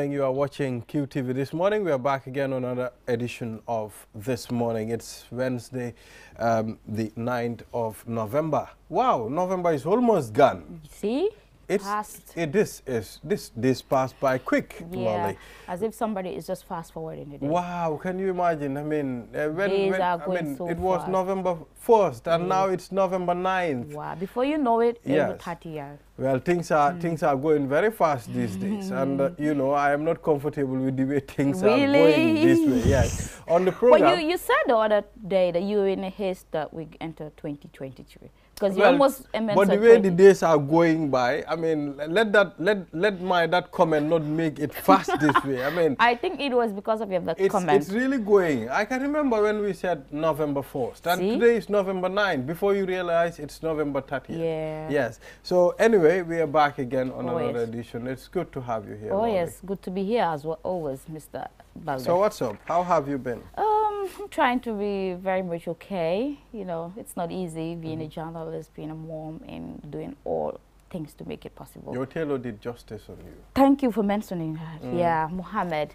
morning. You are watching QTV This Morning. We are back again on another edition of This Morning. It's Wednesday, um, the 9th of November. Wow, November is almost gone. See? it's, It, this is this this passed by quick. Yeah, as if somebody is just fast forwarding it. Wow, can you imagine? I mean, uh, when, Days when, are I going mean, so it was November first, and yeah. now mm. it's November 9th. Wow, before you know it, yes. it thirty years. Well, things are mm. things are going very fast these days, and uh, you know I am not comfortable with the way things really? are going this way. Yes, on the program. Well, you you said the other day that you were in a haste that we enter 2023. Because well, almost But the way the days are going by, I mean, let that let let my that comment not make it fast this way. I mean, I think it was because of your that it's, comment. It's really going. I can remember when we said November fourth, and See? today is November 9. Before you realize, it's November 30th. Yeah. Yes. So anyway, we are back again on oh, another yes. edition. It's good to have you here. Oh yes, good to be here as well. Always, Mister Balde. So what's up? How have you been? Um, I'm trying to be very much okay. You know, it's not easy being mm a mm-hmm. journalist, being a mom, and doing all things to make it possible. Your tailor did justice on you. Thank you for mentioning that. Mm. Yeah, Mohammed.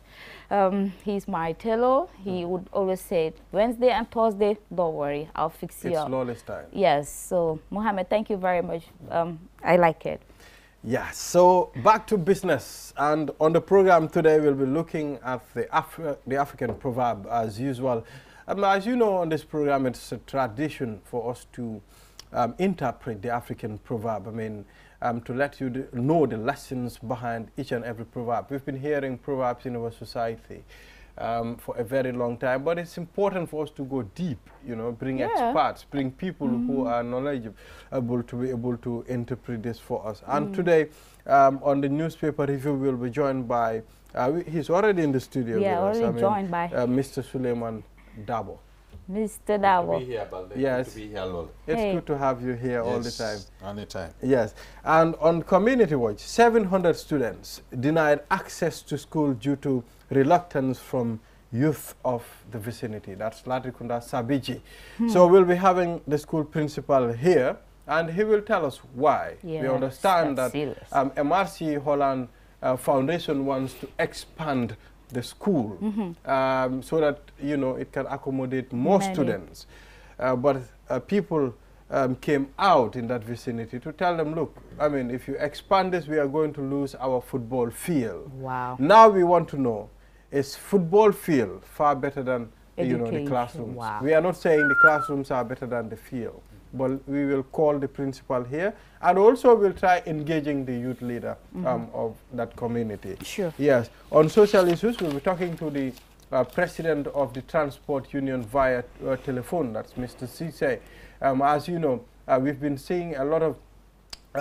Um, he's my tailor. He mm. would always say, Wednesday and Thursday, don't worry, I'll fix you It's lawless time. Yes, so Mohammed, thank you very much. Mm. Um, I like it. Yeah, so back to business. And on the program today, we'll be looking at the, Afri the African proverb as usual. Um, as you know, on this program, it's a tradition for us to um, interpret the African proverb. I mean, um, to let you know the lessons behind each and every proverb. We've been hearing proverbs in our society um, for a very long time. But it's important for us to go deep, you know, bring yeah. experts, bring people mm. who are knowledgeable to be able to interpret this for us. And mm. today um, on the newspaper review, we'll be joined by, uh, he's already in the studio. Yeah, already us. mean, joined by uh, Mr. Suleiman Dabo. Mr. Dawo. Yes. Good it's hey. good to have you here yes. all the time. Anytime. Yes. And on Community Watch, 700 students denied access to school due to reluctance from youth of the vicinity. That's Latikunda Sabiji. Hmm. So we'll be having the school principal here and he will tell us why. Yes, we understand that um, MRC Holland uh, Foundation wants to expand the school mm -hmm. um, so that you know it can accommodate more Many. students. Uh, but uh, people um, came out in that vicinity to tell them, look, I mean, if you expand this, we are going to lose our football field. Wow. Now we want to know, is football field far better than Education. you know the classrooms? Wow. We are not saying the classrooms are better than the field. But we will call the principal here, and also we'll try engaging the youth leader mm -hmm. um, of that community. Sure. Yes. On social issues, we'll be talking to the uh, president of the transport union via uh, telephone. That's Mr. Cisse. Um, as you know, uh, we've been seeing a lot of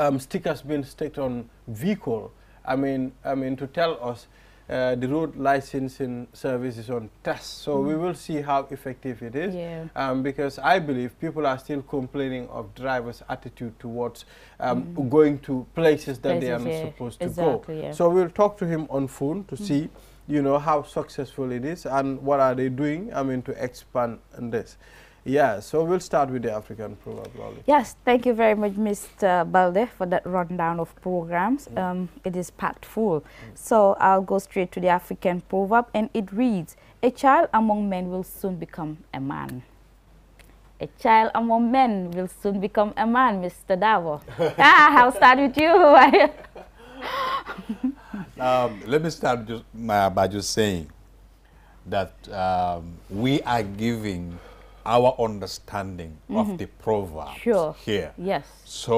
um, stickers being stuck on vehicle. I mean, I mean to tell us uh, the road licensing service is on test. So mm. we will see how effective it is. Yeah. Um, because I believe people are still complaining of drivers' attitude towards um, mm. going to places that places, they are not yeah. supposed to exactly, go. Yeah. So we'll talk to him on phone to mm. see you know, how successful it is and what are they doing, I mean, to expand this. Yeah, so we'll start with the African proverb, Yes, thank you very much, Mr. Balde, for that rundown of programs. Mm. Um, it is packed full. Mm. So I'll go straight to the African proverb, and it reads, A child among men will soon become a man. A child among men will soon become a man, Mr. Davo. ah, I'll start with you. um, let me start just, uh, by just saying that um, we are giving our understanding mm -hmm. of mm-hmm. the proverb sure. here. Yes. So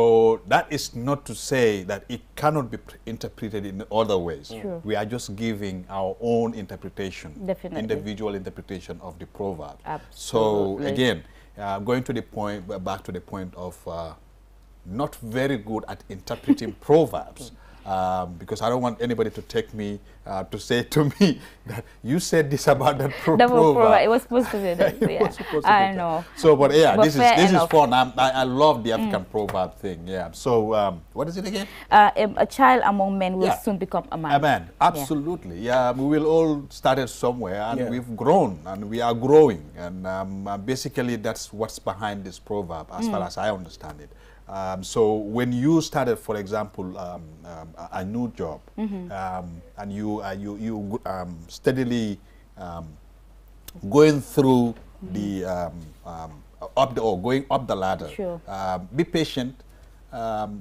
that is not to say that it cannot be interpreted in other ways. Sure. We are just giving our own interpretation, Definitely. individual interpretation of the proverb. Absolutely. So again, uh, going to the point, back to the point of uh, not very good at interpreting proverbs um, because I don't want anybody to take me uh, to say to me that you said this about that pro Double pro prover. It was supposed to be that. it was supposed to I be know. That. So, but yeah, but this is this enough. is fun. I'm, i I, love the African mm. proverb thing. Yeah. So, um, what is it again? Uh, a child among men will yeah. soon become a man. A man. Absolutely. Yeah. yeah we will all started somewhere, and we've grown, and we are growing, and um, basically that's what's behind this proverb, as mm. far as I understand it. Um, so when you started, for example, um, um, a new job, mm -hmm. and you uh, you you um, steadily um, going through mm -hmm. the up the or going up the ladder, sure. be patient.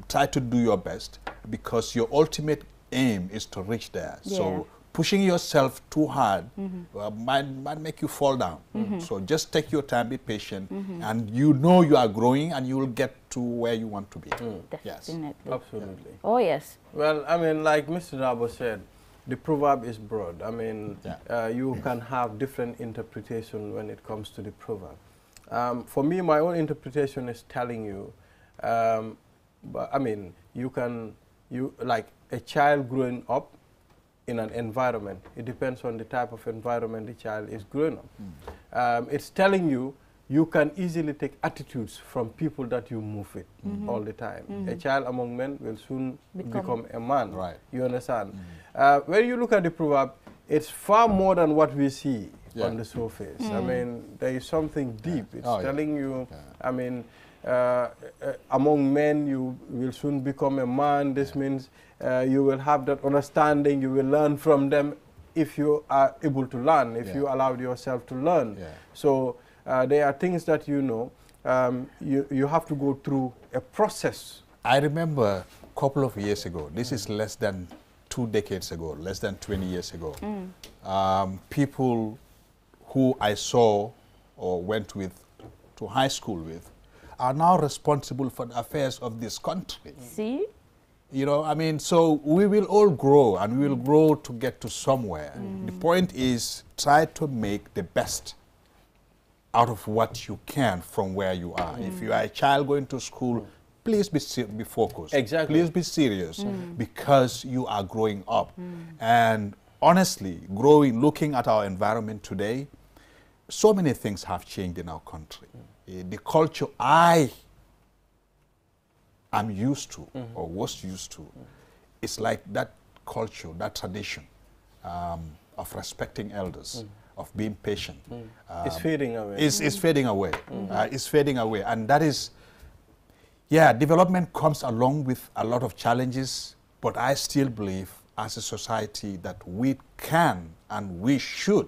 try to do your best because your ultimate aim is to reach there. Yeah. So pushing yourself too hard mm -hmm. uh, might, might make you fall down. Mm -hmm. So just take your time, be patient, mm -hmm. and you know you are growing and you will get to where you want to be. Mm. Yes. Absolutely. Yeah. Oh, yes. Well, I mean, like Mr. Dabo said, the proverb is broad. I mean, yeah. uh, you can have different interpretation when it comes to the proverb. Um, for me, my own interpretation is telling you, um, but, I mean, you can, you like a child growing up, in an environment. It depends on the type of environment the child is growing up. Mm. Um, it's telling you you can easily take attitudes from people that you move with mm -hmm. all the time. Mm -hmm. A mm-hmm. child among men will soon become, become a man. Right. You understand? Mm-hmm. Uh, when you look at the proverb, it's far more than what we see yeah. on the surface. I mm. mean, there is something deep. Yeah. It's oh, telling yeah. you, I mean, uh, uh, among men you will soon become a man. This means uh, you will have that understanding, you will learn from them if you are able to learn, if yeah. you allowed yourself to learn. Yeah. So uh, there are things that you know, um, you, you have to go through a process. I remember a couple of years ago, this is less than two decades ago, less than 20 years ago, mm. um, people who I saw or went with to high school with are now responsible for the affairs of this country. See? You know, I mean, so we will all grow and we will grow to get to somewhere. Mm. The point is try to make the best out of what you can from where you are. Mm. If you mm. are a child going to school, please be, be focused. Exactly. Please be serious mm. because you are growing up. Mm. And honestly, growing, looking at our environment today, so many things have changed in our country. Mm. Eh, the culture I I'm used to mm -hmm. or was used to. It's like that culture, that tradition um, of respecting elders, mm. of being patient. Mm. Um, it's fading away. It's, it's fading away. Mm-hmm. Uh, it's fading away. And that is, yeah, development comes along with a lot of challenges, but I still believe as a society that we can and we should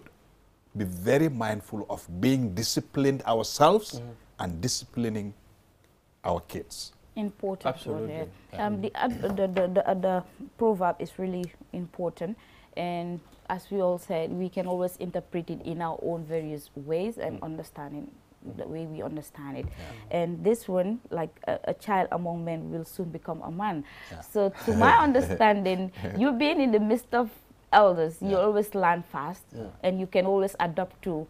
be very mindful of being disciplined ourselves mm -hmm. and disciplining our kids important Absolutely. Um, the, uh, the, the, the, the proverb is really important. And as we all said, we can always interpret it in our own various ways and mm. understanding the way we understand it. Yeah. And this one, like a, a, child among men, will soon become a man. Yeah. So, to my understanding, you being in the midst of elders, yeah. you always learn fast and you can always adapt to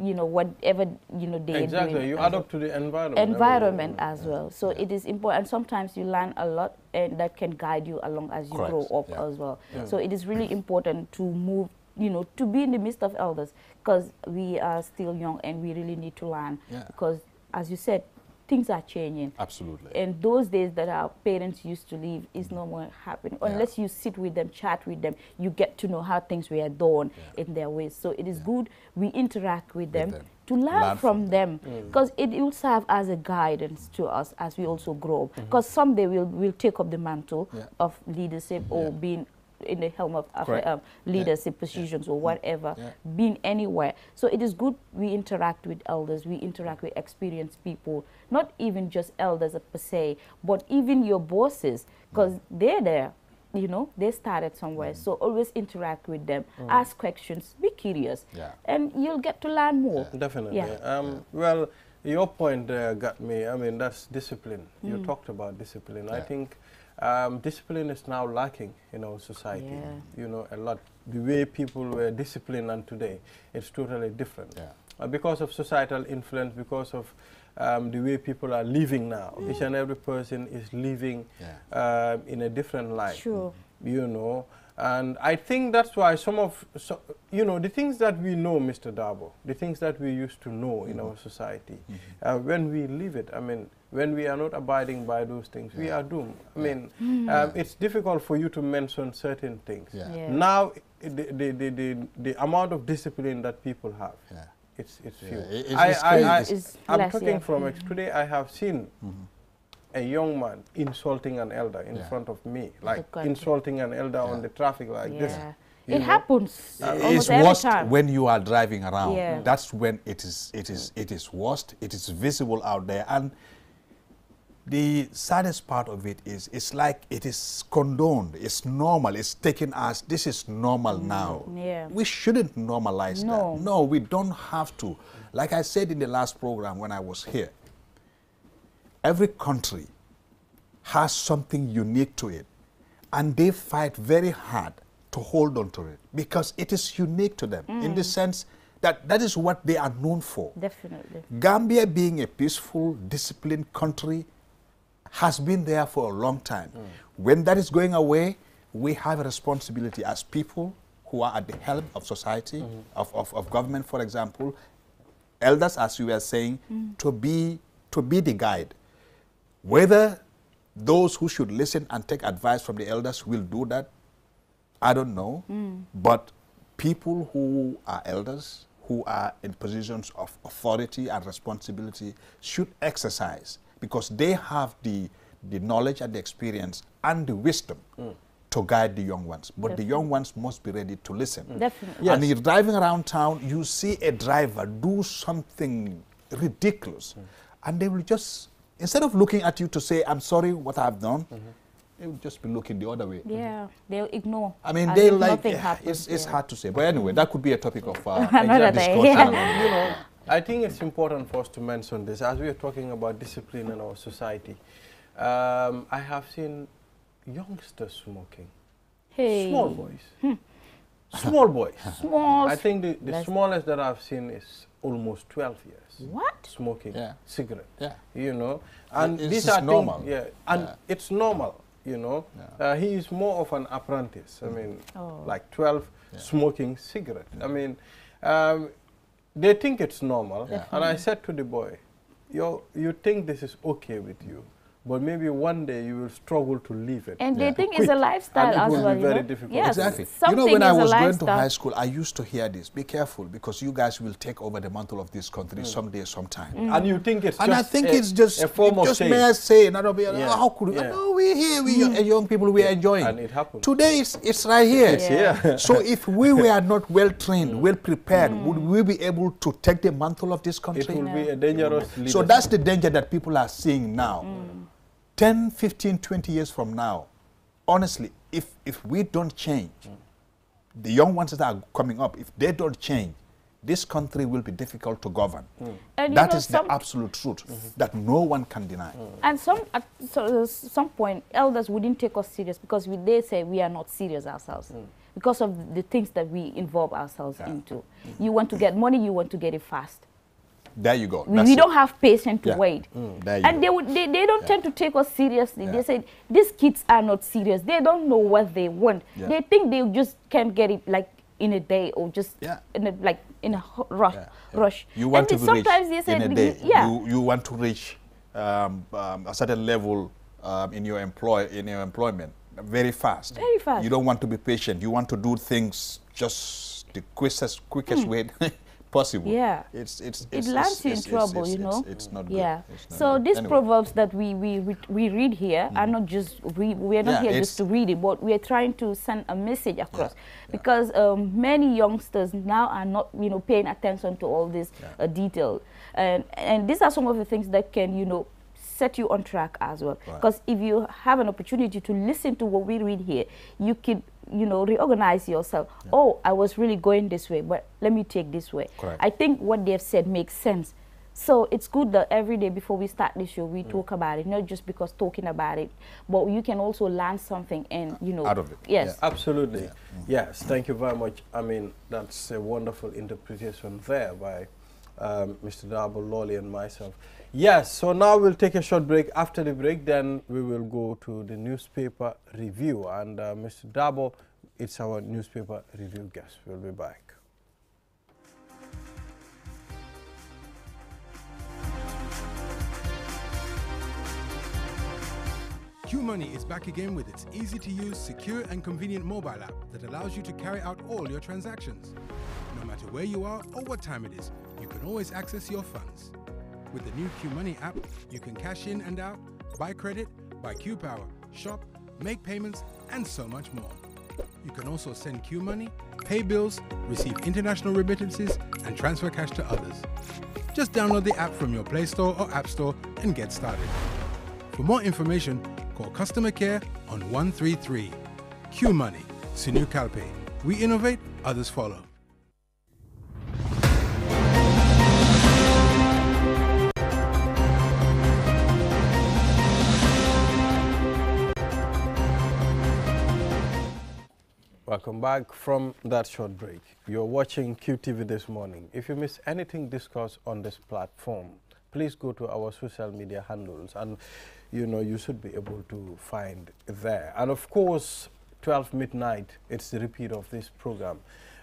you know, whatever, you know, they Exactly, doing you adapt up to the environment. Environment as well. So yeah. it is important. And sometimes you learn a lot and that can guide you along as you Correct. grow up yeah. as well. Yeah. So it is really important to move, you know, to be in the midst of elders because we are still young and we really need to learn because as you said, things are changing. Absolutely. And those days that our parents used to live is no more happening. Unless yeah. you sit with them, chat with them, you get to know how things were done yeah. in their ways. So it is yeah. good we interact with, with them, them, to learn, learn from, them mm. because mm. it will serve as a guidance to us as we also grow mm-hmm. Because mm -hmm. someday we'll, we'll take up the mantle of leadership or being in the helm of Afri um, leadership yeah. positions yeah. or whatever, yeah. being anywhere. So it is good we interact with elders, we interact with experienced people, not even just elders per se, but even your bosses, because mm. they're there. You know, they started somewhere, mm. so always interact with them, mm. ask questions, be curious, and you'll get to learn more. Definitely. Um, well, your point uh, got me. I mean, that's discipline. You mm. talked about discipline. I think um, discipline is now lacking in our society. Yeah. You know, a lot. The way people were disciplined and today, it's totally different. Yeah. Uh, because of societal influence, because of um, the way people are living now. Mm. Each and every person is living yeah. uh, in a different life. Sure. You know, and I think that's why some of, so, you know, the things that we know, Mr. Dabo, the things that we used to know mm -hmm. in our society, mm -hmm. uh, when we leave it, I mean, when we are not abiding by those things, yeah. we are doomed. I mean, hmm. um, it's difficult for you to mention certain things. Yeah. Now, the, the, the, the, the amount of discipline that people have, it's, it's few. It's, I, it's I, I, it's I'm less, talking from mm -hmm. today, I have seen mm -hmm. a young man insulting an elder in front of me, like insulting an elder on the traffic like this. You it know? happens. Uh, it's worst time. when you are driving around. Yeah. That's when it is. It is. It is worst. It is visible out there, and the saddest part of it is it's like it is condoned, it's normal, it's taken as this is normal mm, now. Yeah. We shouldn't normalize no. that. No, we don't have to. Like I said in the last program when I was here, every country has something unique to it, and they fight very hard to hold on to it because it is unique to them mm. in the mm. sense that that is what they are known for. Definitely. Gambia being a peaceful, disciplined country, has been there for a long time. Mm. When that is going away, we have a responsibility as people who are at the helm of society, mm -hmm. of, of, of, government, for example, elders, as you were saying, mm. to, be, to be the guide. Whether those who should listen and take advice from the elders will do that, I don't know. But people who are elders, who are in positions of authority and responsibility, should exercise because they have the, the knowledge and the experience and the wisdom mm. to guide the young ones. But Definitely. the young ones must be ready to listen. Mm. Definitely. Yes. And you're driving around town, you see a driver do something ridiculous, mm. and they will just, instead of looking at you to say, I'm sorry what I've done, -hmm. They will just be looking the other way. Yeah, mm-hmm. they'll ignore. I mean, they like, uh, it's, it's yeah. hard to say. But anyway, that could be a topic of uh, Another discussion. Yeah. you know, I think it's important for us to mention this as we are talking about discipline in our society. Um, I have seen youngsters smoking. Hey. Small boys. Hmm. Small boys. Small. I think the, the smallest that I've seen is almost 12 years. What? Smoking yeah. cigarette. Yeah. You know, and it's these are normal. Things, yeah, and yeah. it's normal. You know, yeah. uh, he is more of an apprentice. I mm-hmm. mean, oh. like 12 yeah. smoking cigarette. I mean, um, they think it's normal. Yeah. And I said to the boy, you you think this is okay with you? but maybe one day you will struggle to leave it. And yeah. they think it's a lifestyle and it will well, be very know? difficult. Yes, exactly. Something you know, when I was going to high school, I used to hear this. Be careful because you guys will take over the mantle of this country mm. someday, sometime. Mm. And you think it's and I think a, it's just a form just of just mere saying. I don't be, yeah. how could yeah. no, we here, we mm. young people, we are yeah. enjoying. And it happened. Today it's it's right here. It's here. so if we were not well trained, mm. well prepared, mm. would we be able to take the mantle of this country? It will be a dangerous. So that's the danger that people are seeing now. Mm. 10, 15, 20 years from now, honestly, if, if we don't change, mm. the young ones that are coming up, if they don't change, this country will be difficult to govern. Mm. That is the absolute truth mm -hmm. that no one can deny. Mm. And some, at so, uh, some point, elders wouldn't take us serious because we, they say we are not serious ourselves mm. because of the things that we involve ourselves yeah. into. -hmm. You want to get money, you want to get it fast. There you go. That's we it. don't have patience to yeah. wait. Mm, and they, would, they, they don't yeah. tend to take us seriously. Yeah. They say, these kids are not serious. They don't know what they want. They think they just can't get it like in a day or just in a, like in a rush. rush. You want and to reach they say, in a day. Yeah. You, you want to reach um, um, a certain level um, in, your employ in your employment very fast. Very fast. You don't want to be patient. You want to do things just the quickest, quickest mm. way. possible. Yeah. It's, it's, it's it lands you in trouble, you know? It's, not yeah. good. So these anyway. proverbs that we, we, we read here mm. are not just, re we are not yeah, here just to read it, but we are trying to send a message across. Yeah. Because um, many youngsters now are not, you know, paying attention to all this uh, detail. And, and these are some of the things that can, you know, set you on track as well. Because right. if you have an opportunity to listen to what we read here, you can you know, reorganize yourself. Yeah. Oh, I was really going this way, but let me take this way. Correct. I think what they've said makes sense. So it's good that every day before we start the show, we mm. talk about it, not just because talking about it, but you can also learn something and, you know. Out of it. Yes. Yeah. Absolutely. Yeah. Mm. Yes. Thank you very much. I mean, that's a wonderful interpretation there by um, Mr. Darbo Lolly and myself. Yes, so now we'll take a short break. After the break, then we will go to the newspaper review. And uh, Mr. Dabo, it's our newspaper review guest. We'll be back. QMoney is back again with its easy-to-use, secure and convenient mobile app that allows you to carry out all your transactions. No matter where you are or what time it is, you can always access your funds. With the new Q Money app, you can cash in and out, buy credit, buy Q Power, shop, make payments, and so much more. You can also send Q Money, pay bills, receive international remittances, and transfer cash to others. Just download the app from your Play Store or App Store and get started. For more information, call customer care on 133. Q Money, Sinu Calpe. We innovate, others follow. Welcome back from that short break. You're watching QTV this morning. If you miss anything discussed on this platform, please go to our social media handles and you know you should be able to find there. And of course, 12 midnight, it's the repeat of this program.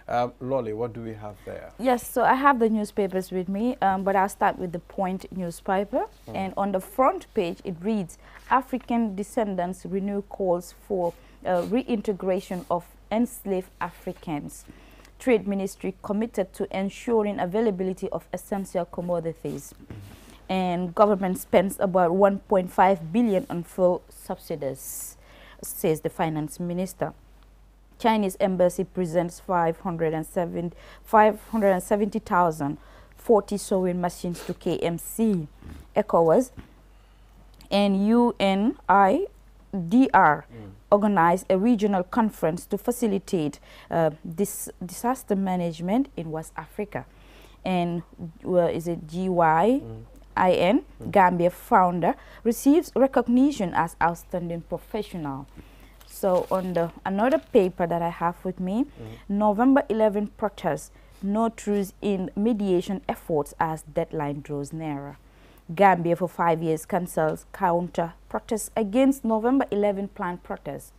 Um, Lolly, what do we have there? Yes, so I have the newspapers with me, um, but I'll start with the Point newspaper. Mm. And on the front page, it reads, African descendants renew calls for uh, reintegration of enslaved Africans. Trade Ministry committed to ensuring availability of essential commodities. And government spends about 1.5 billion on food subsidies, says the finance minister. Chinese embassy presents 570,000 40 sewing machines to KMC, ECOWAS, and UNIDR mm organized a regional conference to facilitate uh, this disaster management in West Africa. And uh, is it Mm. mm. Gambia founder, receives recognition as outstanding professional. So on the another paper that I have with me, mm. November 11 protests, no truce in mediation efforts as deadline draws nearer. Gambia for five years cancels counter protests against November 11 planned protests.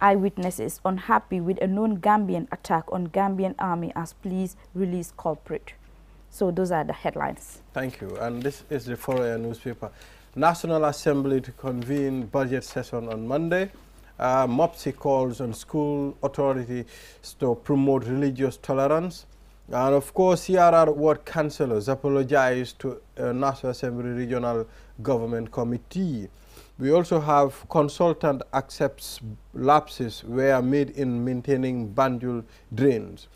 Eyewitnesses unhappy with a known Gambian attack on Gambian army as police release culprit. So those are the headlines. Thank you. And this is the Foreign newspaper. National Assembly to convene budget session on Monday. Uh, MOPSI calls on school authority to promote religious tolerance. And of course, CRR ward councillors apologized to uh, National Assembly Regional Government Committee. We also have consultant accepts lapses were made in maintaining Banjul drains.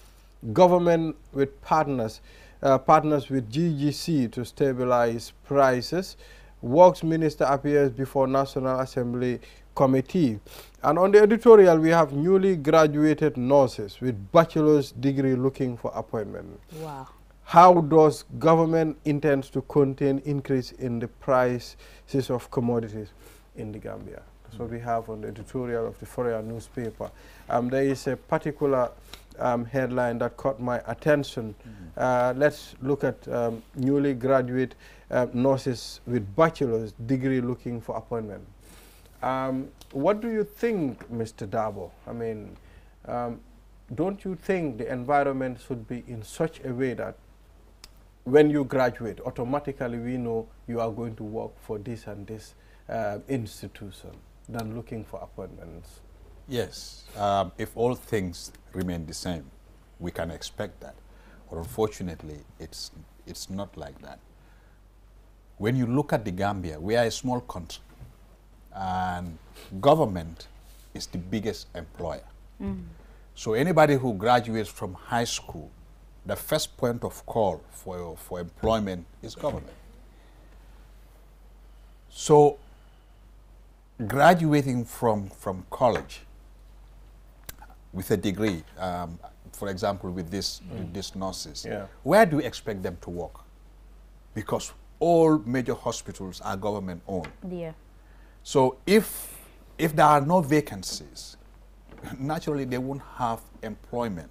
Government with partners, uh, partners with GGC to stabilize prices. Works Minister appears before National Assembly Committee. And on the editorial, we have newly graduated nurses with bachelor's degree looking for appointment. Wow. How does government intend to contain increase in the prices of commodities in the Gambia? That's what we have on the editorial of the Foreign newspaper. Um, there is a particular um, headline that caught my attention. Mm -hmm. uh, let's look at um, newly graduate uh, nurses with bachelor's degree looking for appointment. Um, what do you think, Mr. Dabo? I mean, um, don't you think the environment should be in such a way that when you graduate, automatically we know you are going to work for this and this uh, institution than looking for appointments? Yes. Um, if all things remain the same, we can expect that. But unfortunately, it's, it's not like that. When you look at the Gambia, we are a small country and government is the biggest employer. Mm. So anybody who graduates from high school, the first point of call for, for employment is government. So graduating from, from college with a degree, um, for example, with this, mm. nurses, yeah. where do you expect them to work? Because all major hospitals are government owned. Yeah. So if, if there are no vacancies, naturally they won't have employment.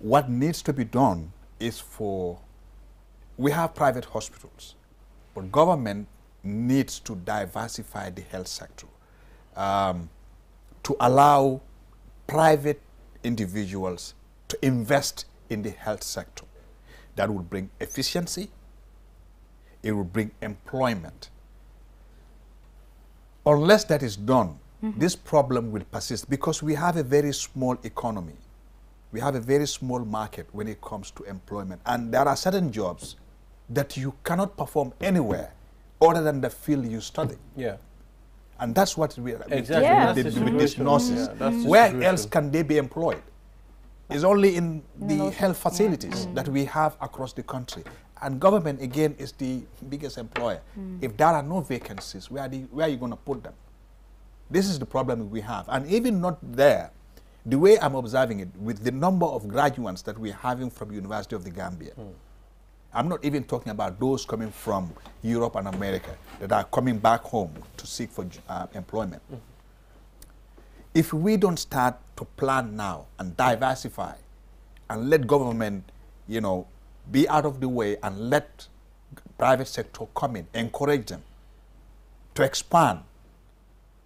What needs to be done is for, we have private hospitals, but government needs to diversify the health sector um, to allow private individuals to invest in the health sector. That would bring efficiency, it will bring employment, Unless that is done, mm -hmm. this problem will persist because we have a very small economy. We have a very small market when it comes to employment. And there are certain jobs that you cannot perform anywhere other than the field you study. Yeah. And that's what we are exactly. yeah. with, the, with these nurses. Yeah, Where else can they be employed? It's only in the health facilities yeah. that we have across the country. And government, again, is the biggest employer. Mm. If there are no vacancies, where are, the, where are you going to put them? This is the problem we have. And even not there, the way I'm observing it, with the number of graduates that we're having from University of the Gambia, mm. I'm not even talking about those coming from Europe and America that are coming back home to seek for uh, employment. Mm If we don't start to plan now and diversify and let government, you know, be out of the way and let private sector come in, encourage them to expand,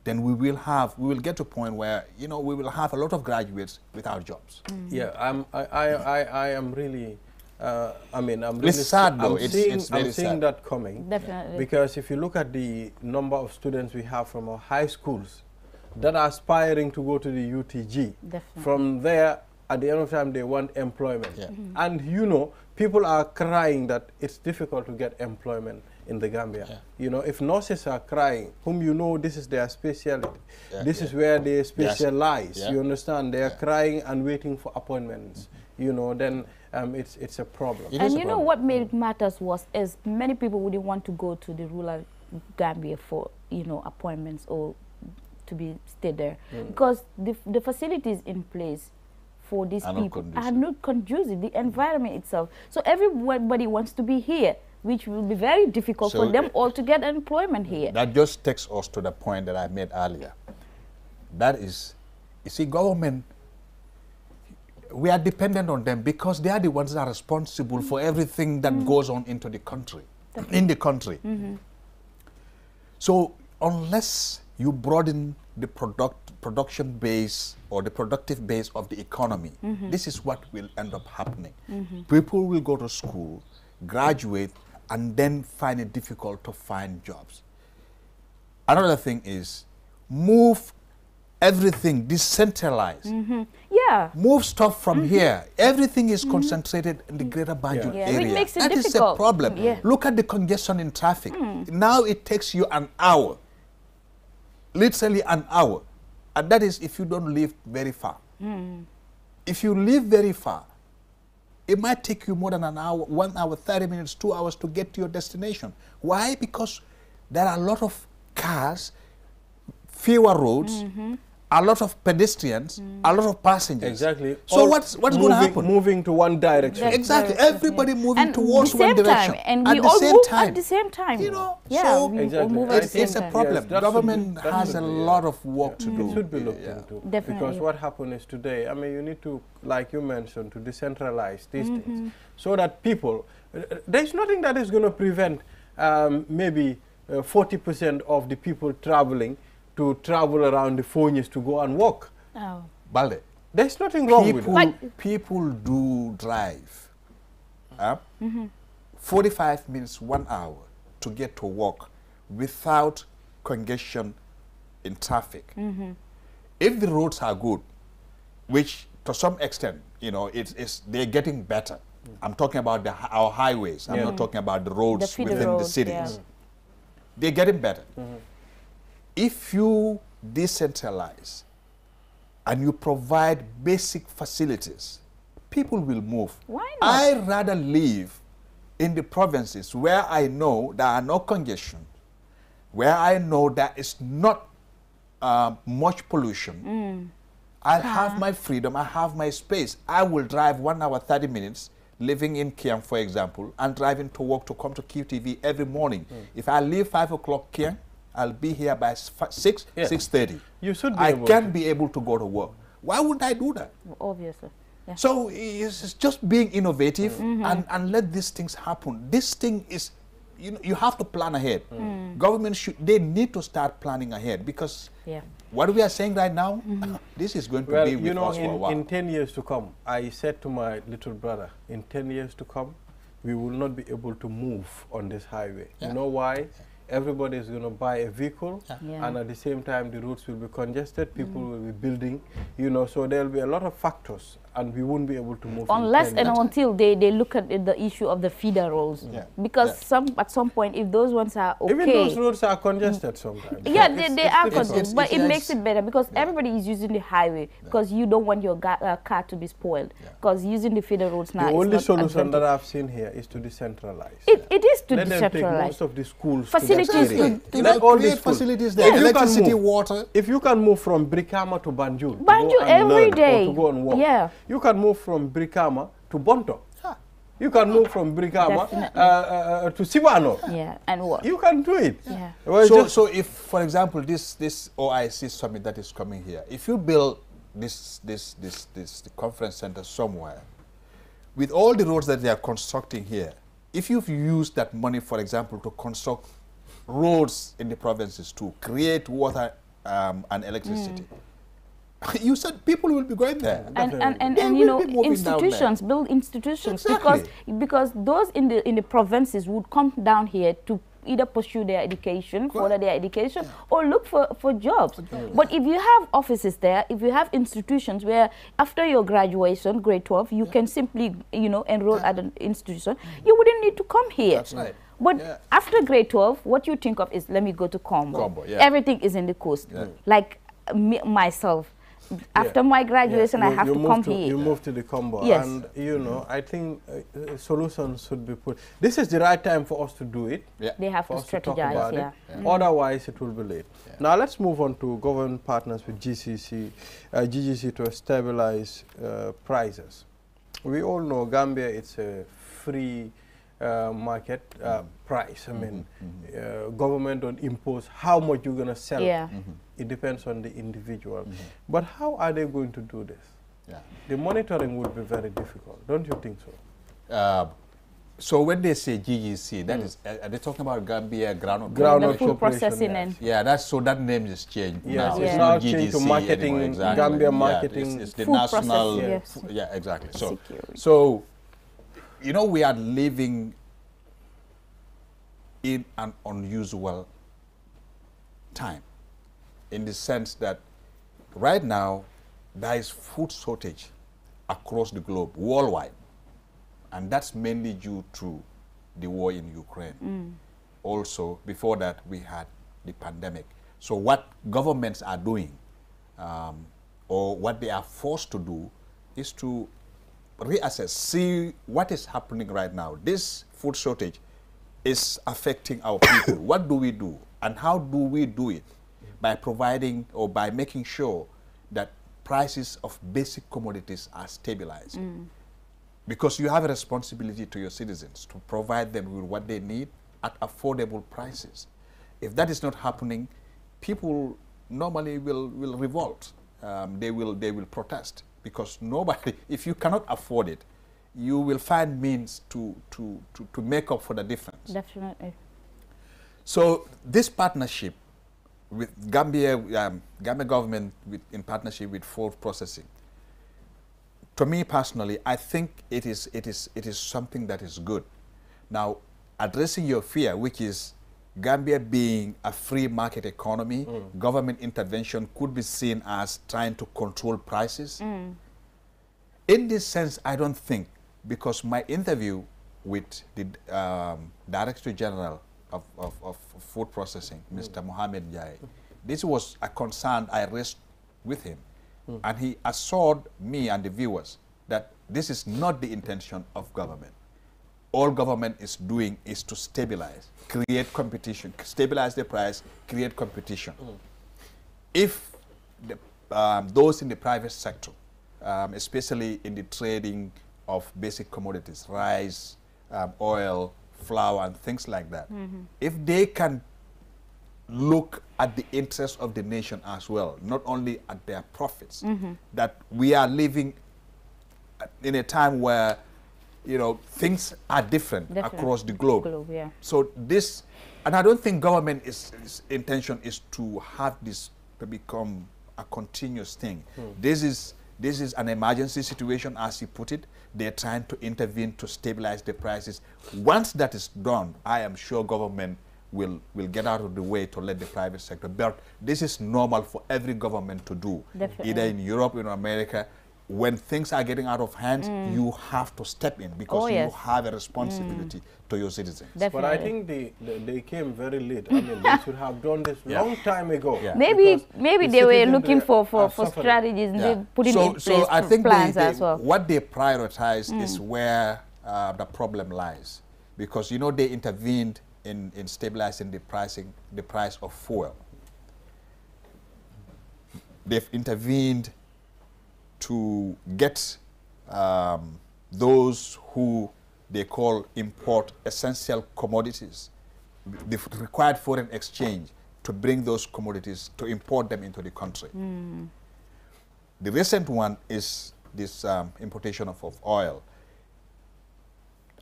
then we will have, we will get to a point where, you know, we will have a lot of graduates without jobs. Mm. Yeah, I'm, I, I, I, I am really, uh, I mean, I'm really it's sad though. I'm it's, seeing, it's I'm seeing that coming. Definitely. Because if you look at the number of students we have from our high schools that are aspiring to go to the UTG, Definitely. from there, at the end of the time, they want employment. Yeah. Mm -hmm. And you know, people are crying that it's difficult to get employment in the Gambia. Yeah. You know, if nurses are crying, whom you know this is their specialty, yeah, this yeah. is where they specialize. You understand? They are crying and waiting for appointments. You know, then um, it's it's a problem. It and you know what made mm. matters worse is many people wouldn't want to go to the rural Gambia for you know appointments or to be stay there mm. because the the facilities in place for these are people not are not conducive, the environment itself. So everybody wants to be here, which will be very difficult so for them eh, all to get employment here. That just takes us to the point that I made earlier. That is, you see, government, we are dependent on them because they are the ones that are responsible mm -hmm. for everything that mm -hmm. goes on into the country, Definitely. in the country. Mm -hmm. So unless you broaden the product production base or the productive base of the economy. Mm -hmm. This is what will end up happening. Mm -hmm. People will go to school, graduate, and then find it difficult to find jobs. Another thing is move everything, decentralize. Mm -hmm. Yeah. Move stuff from mm-hmm. here. Everything is mm-hmm. concentrated in the mm-hmm. greater Banjul yeah. yeah. area. Which makes it that difficult. is a problem. Yeah. Look at the congestion in traffic. Mm. Now it takes you an hour literally an hour and that is if you don't live very far. Mm. If you live very far, it might take you more than an hour, one hour, 30 minutes, two hours to get to your destination. Why? Because there are a lot of cars, fewer roads, mm -hmm a lot of pedestrians, mm. a lot of passengers. Exactly. So what's what's going to happen? Moving to one direction. exactly. Everybody yeah. moving and towards one direction. Time. And at we the all same move time. At the same time. You know. Yeah. So exactly. it's, it's a problem. Yes, Government be, has be, a lot of work yeah. to do. It should be looked into. Definitely. Because what happened is today. I mean, you need to, like you mentioned, to decentralize these mm -hmm. things so that people. Uh, uh there's nothing that is going to prevent um, maybe 40% uh, of the people traveling to travel around the years to go and walk. Oh. There's nothing wrong people, with it. People do drive uh, mm -hmm. 45 minutes, one hour to get to work without congestion in traffic. Mm -hmm. If the roads are good, which to some extent, you know, it's, it's they're getting better. I'm talking about the, our highways. I'm not talking about the roads the within the cities. Yeah. They're getting better. Mm-hmm if you decentralize and you provide basic facilities, people will move. Why not? I rather live in the provinces where I know there are no congestion, where I know there is not uh, much pollution. Mm. I have my freedom, I have my space. I will drive one hour, 30 minutes, living in Kiang, for example, and driving to work to come to QTV every morning. Mm. If I leave 5 o'clock Kiang, I'll be here by six, six thirty. You should. Be I can't to. be able to go to work. Why would not I do that? Obviously. Yeah. So it's just being innovative mm -hmm. and, and let these things happen. This thing is, you know, you have to plan ahead. Mm. mm. Government should they need to start planning ahead because yeah. what we are saying right now, mm -hmm. this is going to well, be with you know, us in, for a while. In ten years to come, I said to my little brother, in ten years to come, we will not be able to move on this highway. Yeah. You know why? everybody is going to buy a vehicle yeah. and at the same time the roads will be congested people mm. will be building you know so there will be a lot of factors and we won't be able to move. Unless and until they, they look at the issue of the feeder roads. Yeah. Because yeah. some at some point, if those ones are okay. Even those roads are congested sometimes. Yeah, they, they are congested, but it makes it better because everybody is using the highway because you don't want your uh, car to be spoiled because using the feeder roads now. The only solution that I've seen here is to decentralize. It, it is to Let decentralize. Let them take most of the schools. Facilities. To to, Let all these facilities there. If you can water. If you can move from Brikama to Banjul. Banjul every day. To go and walk. Yeah. You can move from Brikama to Bonto. You can move from Brikama uh, uh, uh, to Sivano. Yeah, and what? You can do it. Yeah. Well, so, so if, for example, this, this OIC summit that is coming here, if you build this, this, this, this conference center somewhere, with all the roads that they are constructing here, if you've used that money, for example, to construct roads in the provinces to create water um, and electricity, mm. you said people will be going there. And, and, and, and, you know, institutions, build institutions exactly. because because those in the in the provinces would come down here to either pursue their education, follow further their education, yeah. or look for, for jobs. Okay. But if you have offices there, if you have institutions where after your graduation, grade 12, you yeah. can simply, you know, enroll yeah. at an institution, mm-hmm. you wouldn't need to come here. That's right. But yeah. after grade 12, what you think of is, let me go to Combo. Combo Everything is in the coast. Like me, myself, after yeah. my graduation, yeah. you, I have to come to, here. You move to the combo. Yes. And, you know, I think uh, uh, solutions should be put. This is the right time for us to do it. Yeah. They have to strategize, to yeah. It. Mm. Otherwise, it will be late. Now, let's move on to government partners with GCC, uh, GGC to stabilize uh, prices. We all know Gambia, it's a free uh, market uh, mm price. I mean, mm -hmm. uh, government don't impose how much you're going to sell yeah. mm -hmm it depends on the individual. Mm -hmm. But how are they going to do this? Yeah. The monitoring would be very difficult, don't you think so? Uh, so when they say GGC, that mm. is, uh, are they talking about Gambia ground? Ground Food Processing yes. Yeah, that's so that name is changed. Yeah, now. Yeah. it's not GGC to marketing, anymore, exactly. Gambia marketing. Yeah, it's, it's the national. Yes. Yeah, exactly. So, Security. so, you know, we are living in an unusual time in the sense that right now there is food shortage across the globe, worldwide. And that's mainly due to the war in Ukraine. Mm. Also, before that, we had the pandemic. So what governments are doing um, or what they are forced to do is to reassess, see what is happening right now. This food shortage is affecting our people. what do we do? And how do we do it? by providing or by making sure that prices of basic commodities are stabilized. Mm. Because you have a responsibility to your citizens to provide them with what they need at affordable prices. If that is not happening, people normally will, will revolt. Um, they, will, they will protest because nobody, if you cannot afford it, you will find means to, to, to, to make up for the difference. Definitely. So this partnership with Gambia, um, Gambia government with, in partnership with food processing. To me personally, I think it is, it, is, it is something that is good. Now, addressing your fear, which is Gambia being a free market economy, mm. government intervention could be seen as trying to control prices. Mm. In this sense, I don't think, because my interview with the um, Director General of, of, of food processing, Mr. Mohamed Jai. This was a concern I raised with him. Hmm. And he assured me and the viewers that this is not the intention of government. All government is doing is to stabilize, create competition, stabilize the price, create competition. Mm. If the, um, those in the private sector, um, especially in the trading of basic commodities, rice, um, oil, flour and things like that, mm -hmm. if they can look at the interests of the nation as well, not only at their profits, mm -hmm. that we are living in a time where you know things are different, across the globe. globe yeah. So this, and I don't think government is, is intention is to have this become a continuous thing. Hmm. This is this is an emergency situation, as he put it. They're trying to intervene to stabilize the prices. Once that is done, I am sure government will, will get out of the way to let the private sector. But this is normal for every government to do, Definitely. either in Europe, in America, when things are getting out of hand, mm. you have to step in because oh, yes. you have a mm. responsibility mm. to your citizens. Definitely. But I think they, they, they came very late. I mean, they should have done this yeah. long time ago. Yeah. Maybe maybe the they were looking for, for, for strategies yeah. they put so, in place so I think plans they, they, as well. What they prioritize mm. is where uh, the problem lies because, you know, they intervened in, in stabilizing the, pricing, the price of fuel. They've intervened to get um, those who they call import essential commodities, the required foreign exchange to bring those commodities, to import them into the country. Mm. The recent one is this um, importation of, of oil.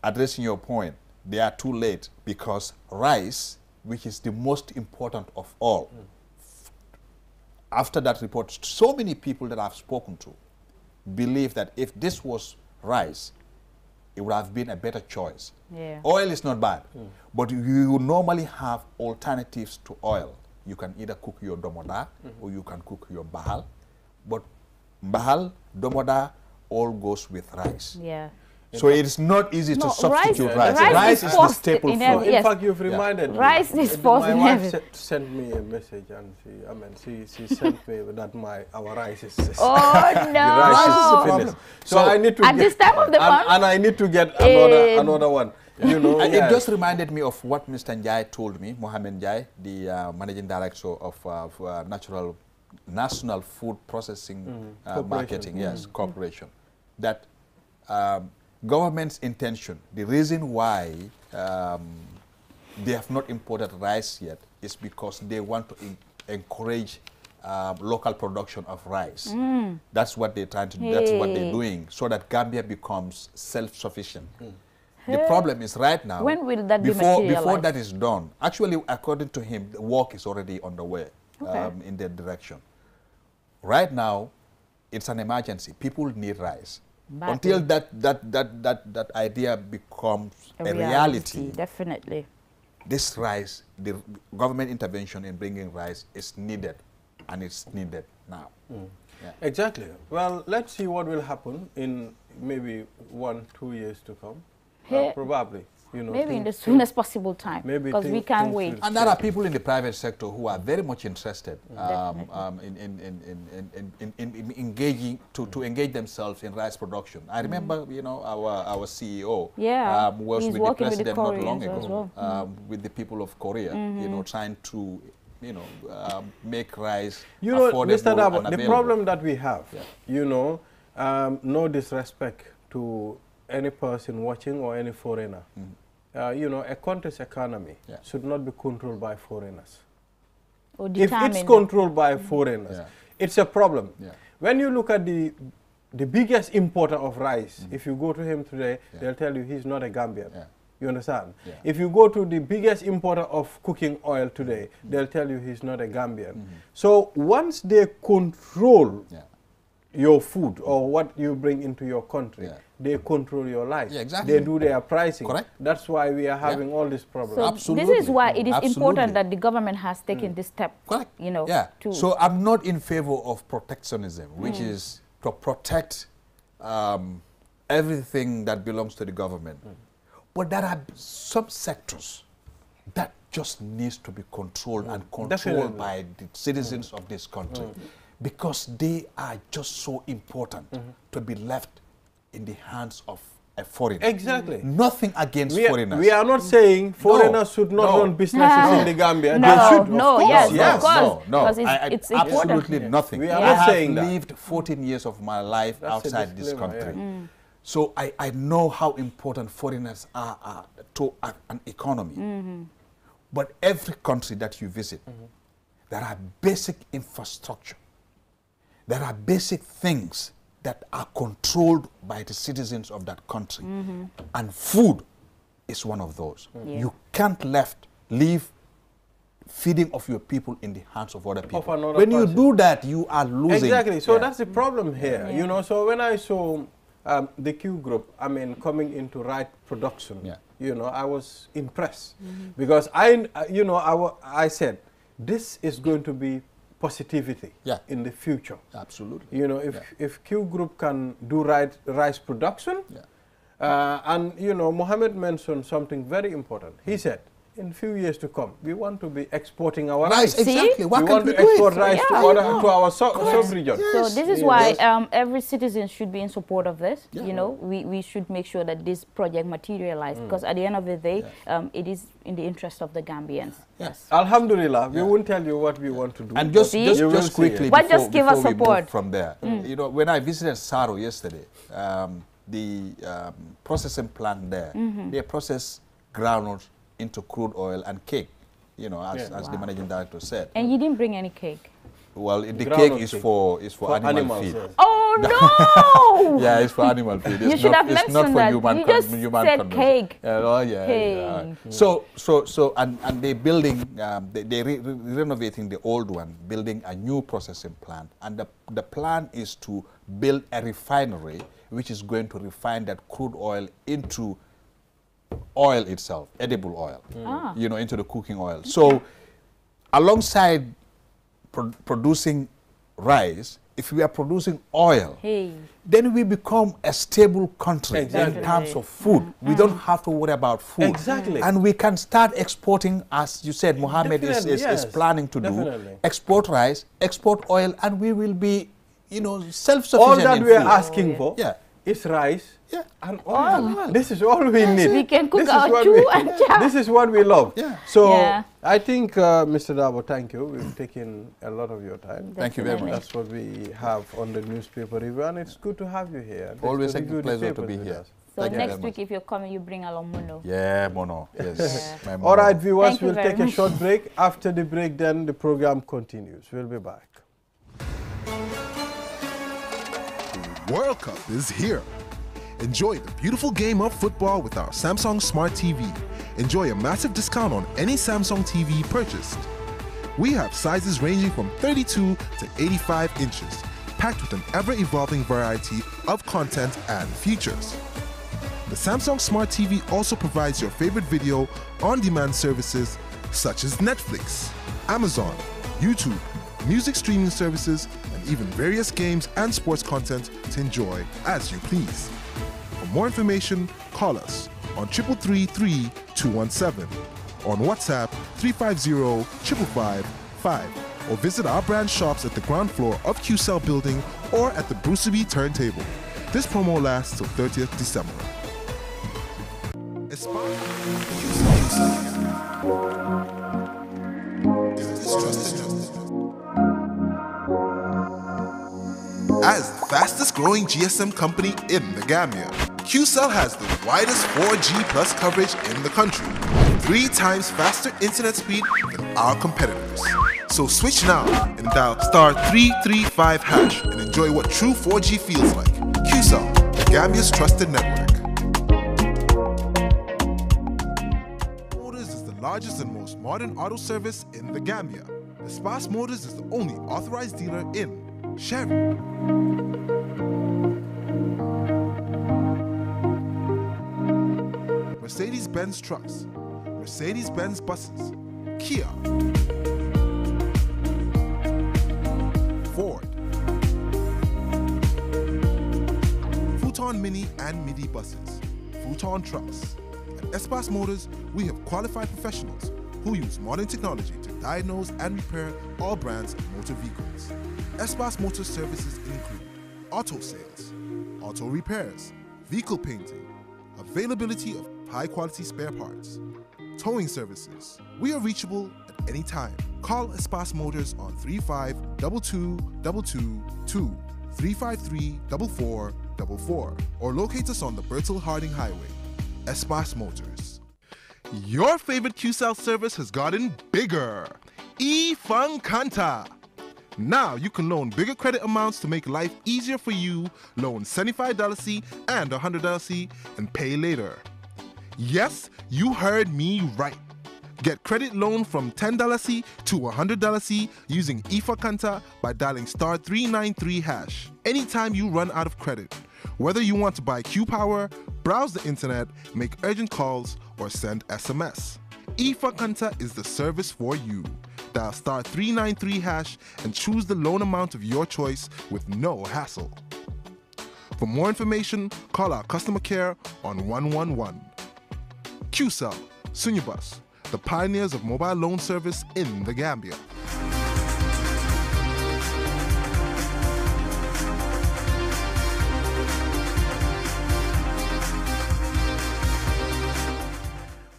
Addressing your point, they are too late because rice, which is the most important of all, mm. after that report, so many people that I've spoken to believe that if this was rice, it would have been a better choice. Yeah. Oil is not bad, mm. but you normally have alternatives to oil. You can either cook your domoda mm. or you can cook your bahal. But bahal, domoda, all goes with rice. Yeah. So it is not easy no, to substitute rice. Rice, rice is, is the staple in food. In fact, you've reminded yeah. me. Rice is forced in heaven. My wife sent me a message and she, I mean, she, she sent me that my our rice is. Oh no! rice is So, so, I need to at get, this time of the month. And, I need to get another um, another one. You know, uh, It just reminded me of what Mr. Njai told me, Mohamed Njai, the uh, managing director of, uh, of uh, Natural National Food Processing mm. Marketing mm. Yes, mm-hmm. Corporation, that um, government's intention, the reason why um, they have not imported rice yet is because they want to encourage um, local production of rice. Mm. That's what they're trying to do. Hey. That's what they're doing so that Gambia becomes self-sufficient. Mm. The problem is right now. When will that before, be Before that is done, actually, according to him, the work is already underway okay. um, in that direction. Right now, it's an emergency. People need rice until that, that, that, that, that idea becomes a, a reality, reality, Definitely. This rise, the government intervention in bringing rice is needed and it's needed now. Mm. Yeah. Exactly. Well, let's see what will happen in maybe one, two years to come. uh, probably you know, maybe in the soonest possible time because we can't wait. And there are people in the private sector who are very much interested um, um, in, in, in, in, in, engaging to, to engage themselves in rice production. I mm-hmm. remember, mm. you know, our our CEO yeah, um, was with the president with the not long ago well. um, mm. with the people of Korea, mm -hmm. you mm-hmm. know, trying to you know um, make rice you know, Mr. Dabo, the problem that we have, yeah. you know, um, no disrespect to any person watching or any foreigner. -hmm uh, you know, a country's economy yeah. should not be controlled by foreigners. Or if it's controlled by foreigners, yeah. it's a problem. Yeah. When you look at the the biggest importer of rice, mm if you go to him today, they'll tell you he's not a Gambian. You understand? If you go to the biggest importer of cooking oil today, mm they'll tell you he's not a Gambian. Mm -hmm. So once they control your food or what you bring into your country. Yeah. They control your life. Yeah, exactly. They do their pricing. Correct. That's why we are having yeah. all these problems. So Absolutely. This is why it is Absolutely. important that the government has taken mm. this step. Correct. You know. Yeah. so I'm not in favor of protectionism, which mm. is to protect um, everything that belongs to the government. Mm. But there are some sectors that just needs to be controlled and mm. controlled Definitely. by the citizens mm. of this country. Mm because they are just so important mm -hmm. to be left in the hands of a foreigner. Exactly. Mm. Nothing against we are, foreigners. We are not saying foreigners no, should not no. run businesses no. in the Gambia. No, they should. No, yes, yes, No, no. I, it's absolutely important. nothing. We are yeah. not saying I have lived 14 years of my life That's outside this country. Yeah. Mm. So I, I know how important foreigners are, to uh, an economy. Mm -hmm. But every country that you visit, mm -hmm. there are basic infrastructure there are basic things that are controlled by the citizens of that country. Mm -hmm. And food is one of those. Yeah. You can't left leave feeding of your people in the hands of other people. Of when person. you do that, you are losing. Exactly. So yeah. that's the problem here. Yeah. You know, so when I saw um, the Q group, I mean, coming into right production, yeah. you know, I was impressed mm -hmm. because I, uh, you know, I, I said, this is going to be positivity yeah. in the future. Absolutely. You know, if, yeah. if Q Group can do right, rice production, yeah. uh, and, you know, Mohammed mentioned something very important. He hmm. said, in few years to come, we want to be exporting our rice. rice. Exactly. What we want we to export rice yeah, to, order, to our so sub-region. Yes. So this is why um, every citizen should be in support of this. Yeah. You know, we, we should make sure that this project materializes mm. because at the end of the day, um, it is in the interest of the Gambians. Yes. Alhamdulillah, we won't tell you what we want to do. And just, just, just quickly, before, just give us support from there. Mm. You know, when I visited Saro yesterday, um, the um, processing plant there, mm -hmm. they process groundnuts into crude oil and cake, you know, as, yeah. as wow. the managing director said. And you didn't bring any cake? Well, the cake is cake. for is for, for animal animals, feed. Yes. Oh no! yeah, it's for animal feed. It's you should not, have mentioned not for that. Human you just human said cake. oh yeah, cake. yeah. Hmm. So so so and and they building um, they they re renovating the old one, building a new processing plant, and the the plan is to build a refinery which is going to refine that crude oil into oil itself, edible oil, mm. ah. you know, into the cooking oil. So, alongside pro producing rice, if we are producing oil, hey. then we become a stable country exactly. in terms of food. Mm. We mm. don't have to worry about food. Exactly. And we can start exporting, as you said, Mohammed is, is, yes. is, planning to Definitely. do, export rice, export oil, and we will be, you know, self-sufficient All that we are food. asking oh, yeah. for yeah is rice yeah. and oh. oil. This is all we yes, need. We can cook this our chew and chow. This is what we love. Yeah. So yeah. I think, uh, Mr. Dabo, thank you. We've taken a lot of your time. Thank you very much. That's what we have on the newspaper review, and it's good to have you here. Always a pleasure to be here. So Thank next week, if you're coming, you bring along Mono. Yeah, Mono. Yes. yeah. Mono. All right, viewers, Thank we'll take much. a short break. After the break, then the program continues. We'll be back. World Cup is here. Enjoy the beautiful game of football with our Samsung Smart TV. Enjoy a massive discount on any Samsung TV purchased. We have sizes ranging from 32 to 85 inches, packed with an ever-evolving variety of content and features. The Samsung Smart TV also provides your favorite video on-demand services such as Netflix, Amazon, YouTube, music streaming services, even various games and sports content to enjoy as you please. For more information, call us on 333 217, on WhatsApp 350 555, or visit our brand shops at the ground floor of QCell building or at the Bruceby turntable. This promo lasts till 30th December. as the fastest growing GSM company in the Gambia. QCell has the widest 4G plus coverage in the country, three times faster internet speed than our competitors. So switch now and dial star 335 hash and enjoy what true 4G feels like. QCell, the Gambia's trusted network. Motors is the largest and most modern auto service in the Gambia. Espas Motors is the only authorized dealer in Chevy. Mercedes Benz trucks, Mercedes Benz buses, Kia, Ford, Futon Mini and Midi buses, Futon trucks. At Espas Motors, we have qualified professionals who use modern technology to diagnose and repair all brands of motor vehicles. Espas Motor services include auto sales, auto repairs, vehicle painting, availability of high quality spare parts, towing services. We are reachable at any time. Call Espas Motors on 3522222, 353 or locate us on the Bertel Harding Highway. Espas Motors. Your favorite QSL service has gotten bigger. E Fun Kanta. Now you can loan bigger credit amounts to make life easier for you. Loan $75 C and $100 C and pay later. Yes, you heard me right. Get credit loan from $10 C to $100 C using IFA Kanta by dialing star 393 hash anytime you run out of credit. Whether you want to buy Q Power, browse the internet, make urgent calls, or send SMS. IFA is the service for you. Dial star 393 hash and choose the loan amount of your choice with no hassle. For more information, call our customer care on 111. QCell, Sunubus, the pioneers of mobile loan service in the Gambia.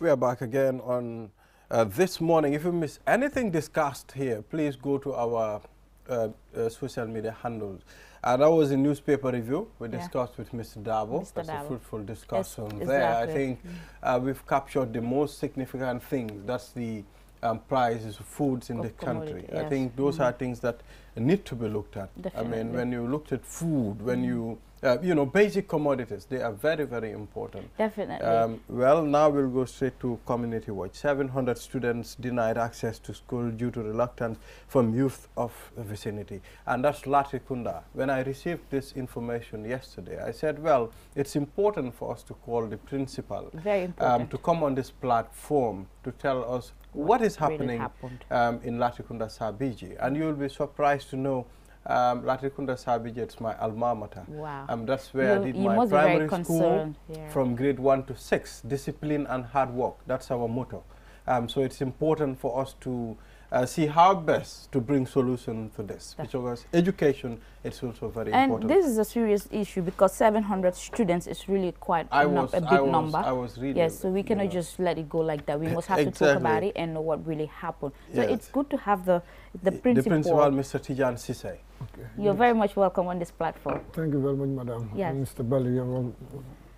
we are back again on uh, this morning. If you miss anything discussed here, please go to our uh, uh, social media handles. And uh, that was a newspaper review we yeah. discussed with Mr. Dabo. Mr. That's Dabo. a fruitful discussion there. Exactly. I think mm. uh, we've captured the most significant things. That's the um, prices of foods in the country. Yes. I think those mm. are mm-hmm. things that need to be looked at. Definitely. I mean, when you looked at food, when mm. you uh, you know, basic commodities, they are very, very important. Definitely. Um, well, now we'll go straight to Community Watch. 700 students denied access to school due to reluctance from youth of the vicinity. And that's Latikunda. When I received this information yesterday, I said, well, it's important for us to call the principal. Very um, important. Um, to come on this platform to tell us what, what is happening really um, in Latikunda Sabiji. And you'll be surprised to know um, Latrikunda Savage, it's my alma mater. Wow. Um, that's where you, I did my primary school yeah. from grade one to six. Discipline and hard work. That's our motto. Um, so it's important for us to uh, see how best to bring solution to this. because education is also very and important. And this is a serious issue because 700 students is really quite a, was, a, big I was, number. I was reading. Yes, so we cannot just let it go like that. We must have exactly. to talk about it and know what really happened. So yes. it's good to have the the principal. The principal, Mr. Tijan Sise. Okay. You're yes. very much welcome on this platform. Thank you very much, Madam. Yes. Mr. Bali,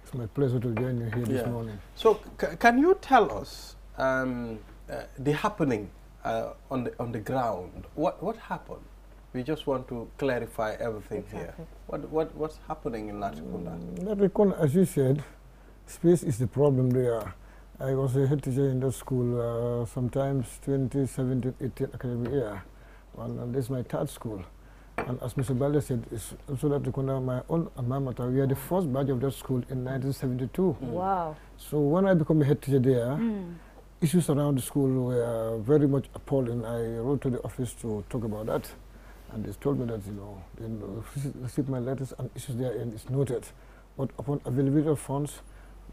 it's my pleasure to join you here yeah. this morning. So, can you tell us um, uh, the happening uh, on, the, on the ground? What, what happened? We just want to clarify everything exactly. here. What, what, what's happening in Latrikunda? Mm, as you said, space is the problem there. I was a head teacher in that school uh, sometimes 2017 18 academic year. and this is my third school. And as Mr. Balde said, it's also that Tukunda, my own alma mater, we are the mm. first batch of that school in 1972. Mm. mm. Wow. So when I became a head teacher there, mm. issues around the school were very much appalling. I wrote to the office to talk about that. And they told me that, you know, they received my letters and issues there and it's noted. But upon availability of funds,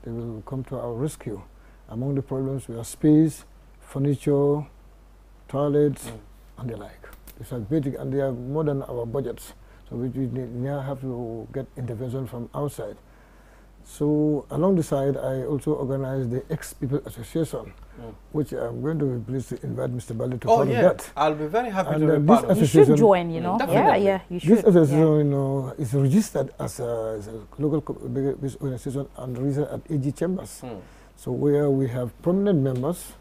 they will come to our rescue. Among the problems were space, furniture, toilets, mm. and the like. These are basic, and they are more than our budgets. So we, we now have to get intervention from outside. So along the side, I also organized the Ex People Association, mm. which I'm going to be pleased to invite Mr. Bali to oh, part yeah. that. I'll be very happy and, to be uh, part of You should join, you know. Yeah, yeah, you should. This association, yeah. you know, is registered as a, as a local business organization and registered at AG Chambers. Mm. So where we have prominent members,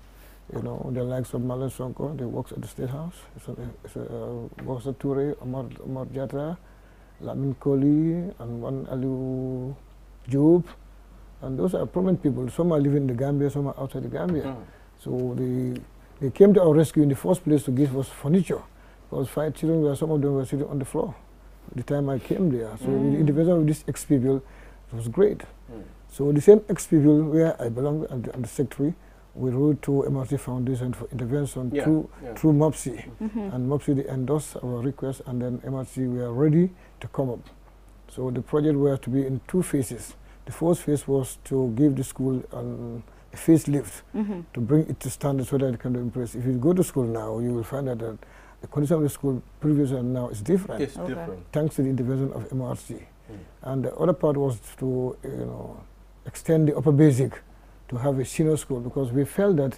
you know, the likes of Malin Sonko, they works at the State House, so, uh, so, uh, Bosa Toure, Omar, Omar Lamin Koli, and one Alu Job, and those are prominent people. Some are living in the Gambia, some are outside the Gambia. Mm. So they, they came to our rescue in the first place to give us furniture, because five children, were, some of them were sitting on the floor the time I came there. So mm. the intervention of these ex-people was great. So the same ex where I belong, and the, the secretary, we wrote to MRC Foundation for intervention yeah, through, yeah. through MOPSI. Mm -hmm. And MOPSI endorsed our request and then MRC were ready to come up. So the project were to be in two phases. The first phase was to give the school um, a facelift mm -hmm. to bring it to standard so that it can impress. If you go to school now, you will find that the condition of the school previous and now is different. It's okay. different. Thanks to the intervention of MRC. Mm. And the other part was to, you know, extend the upper basic to have a senior school because we felt that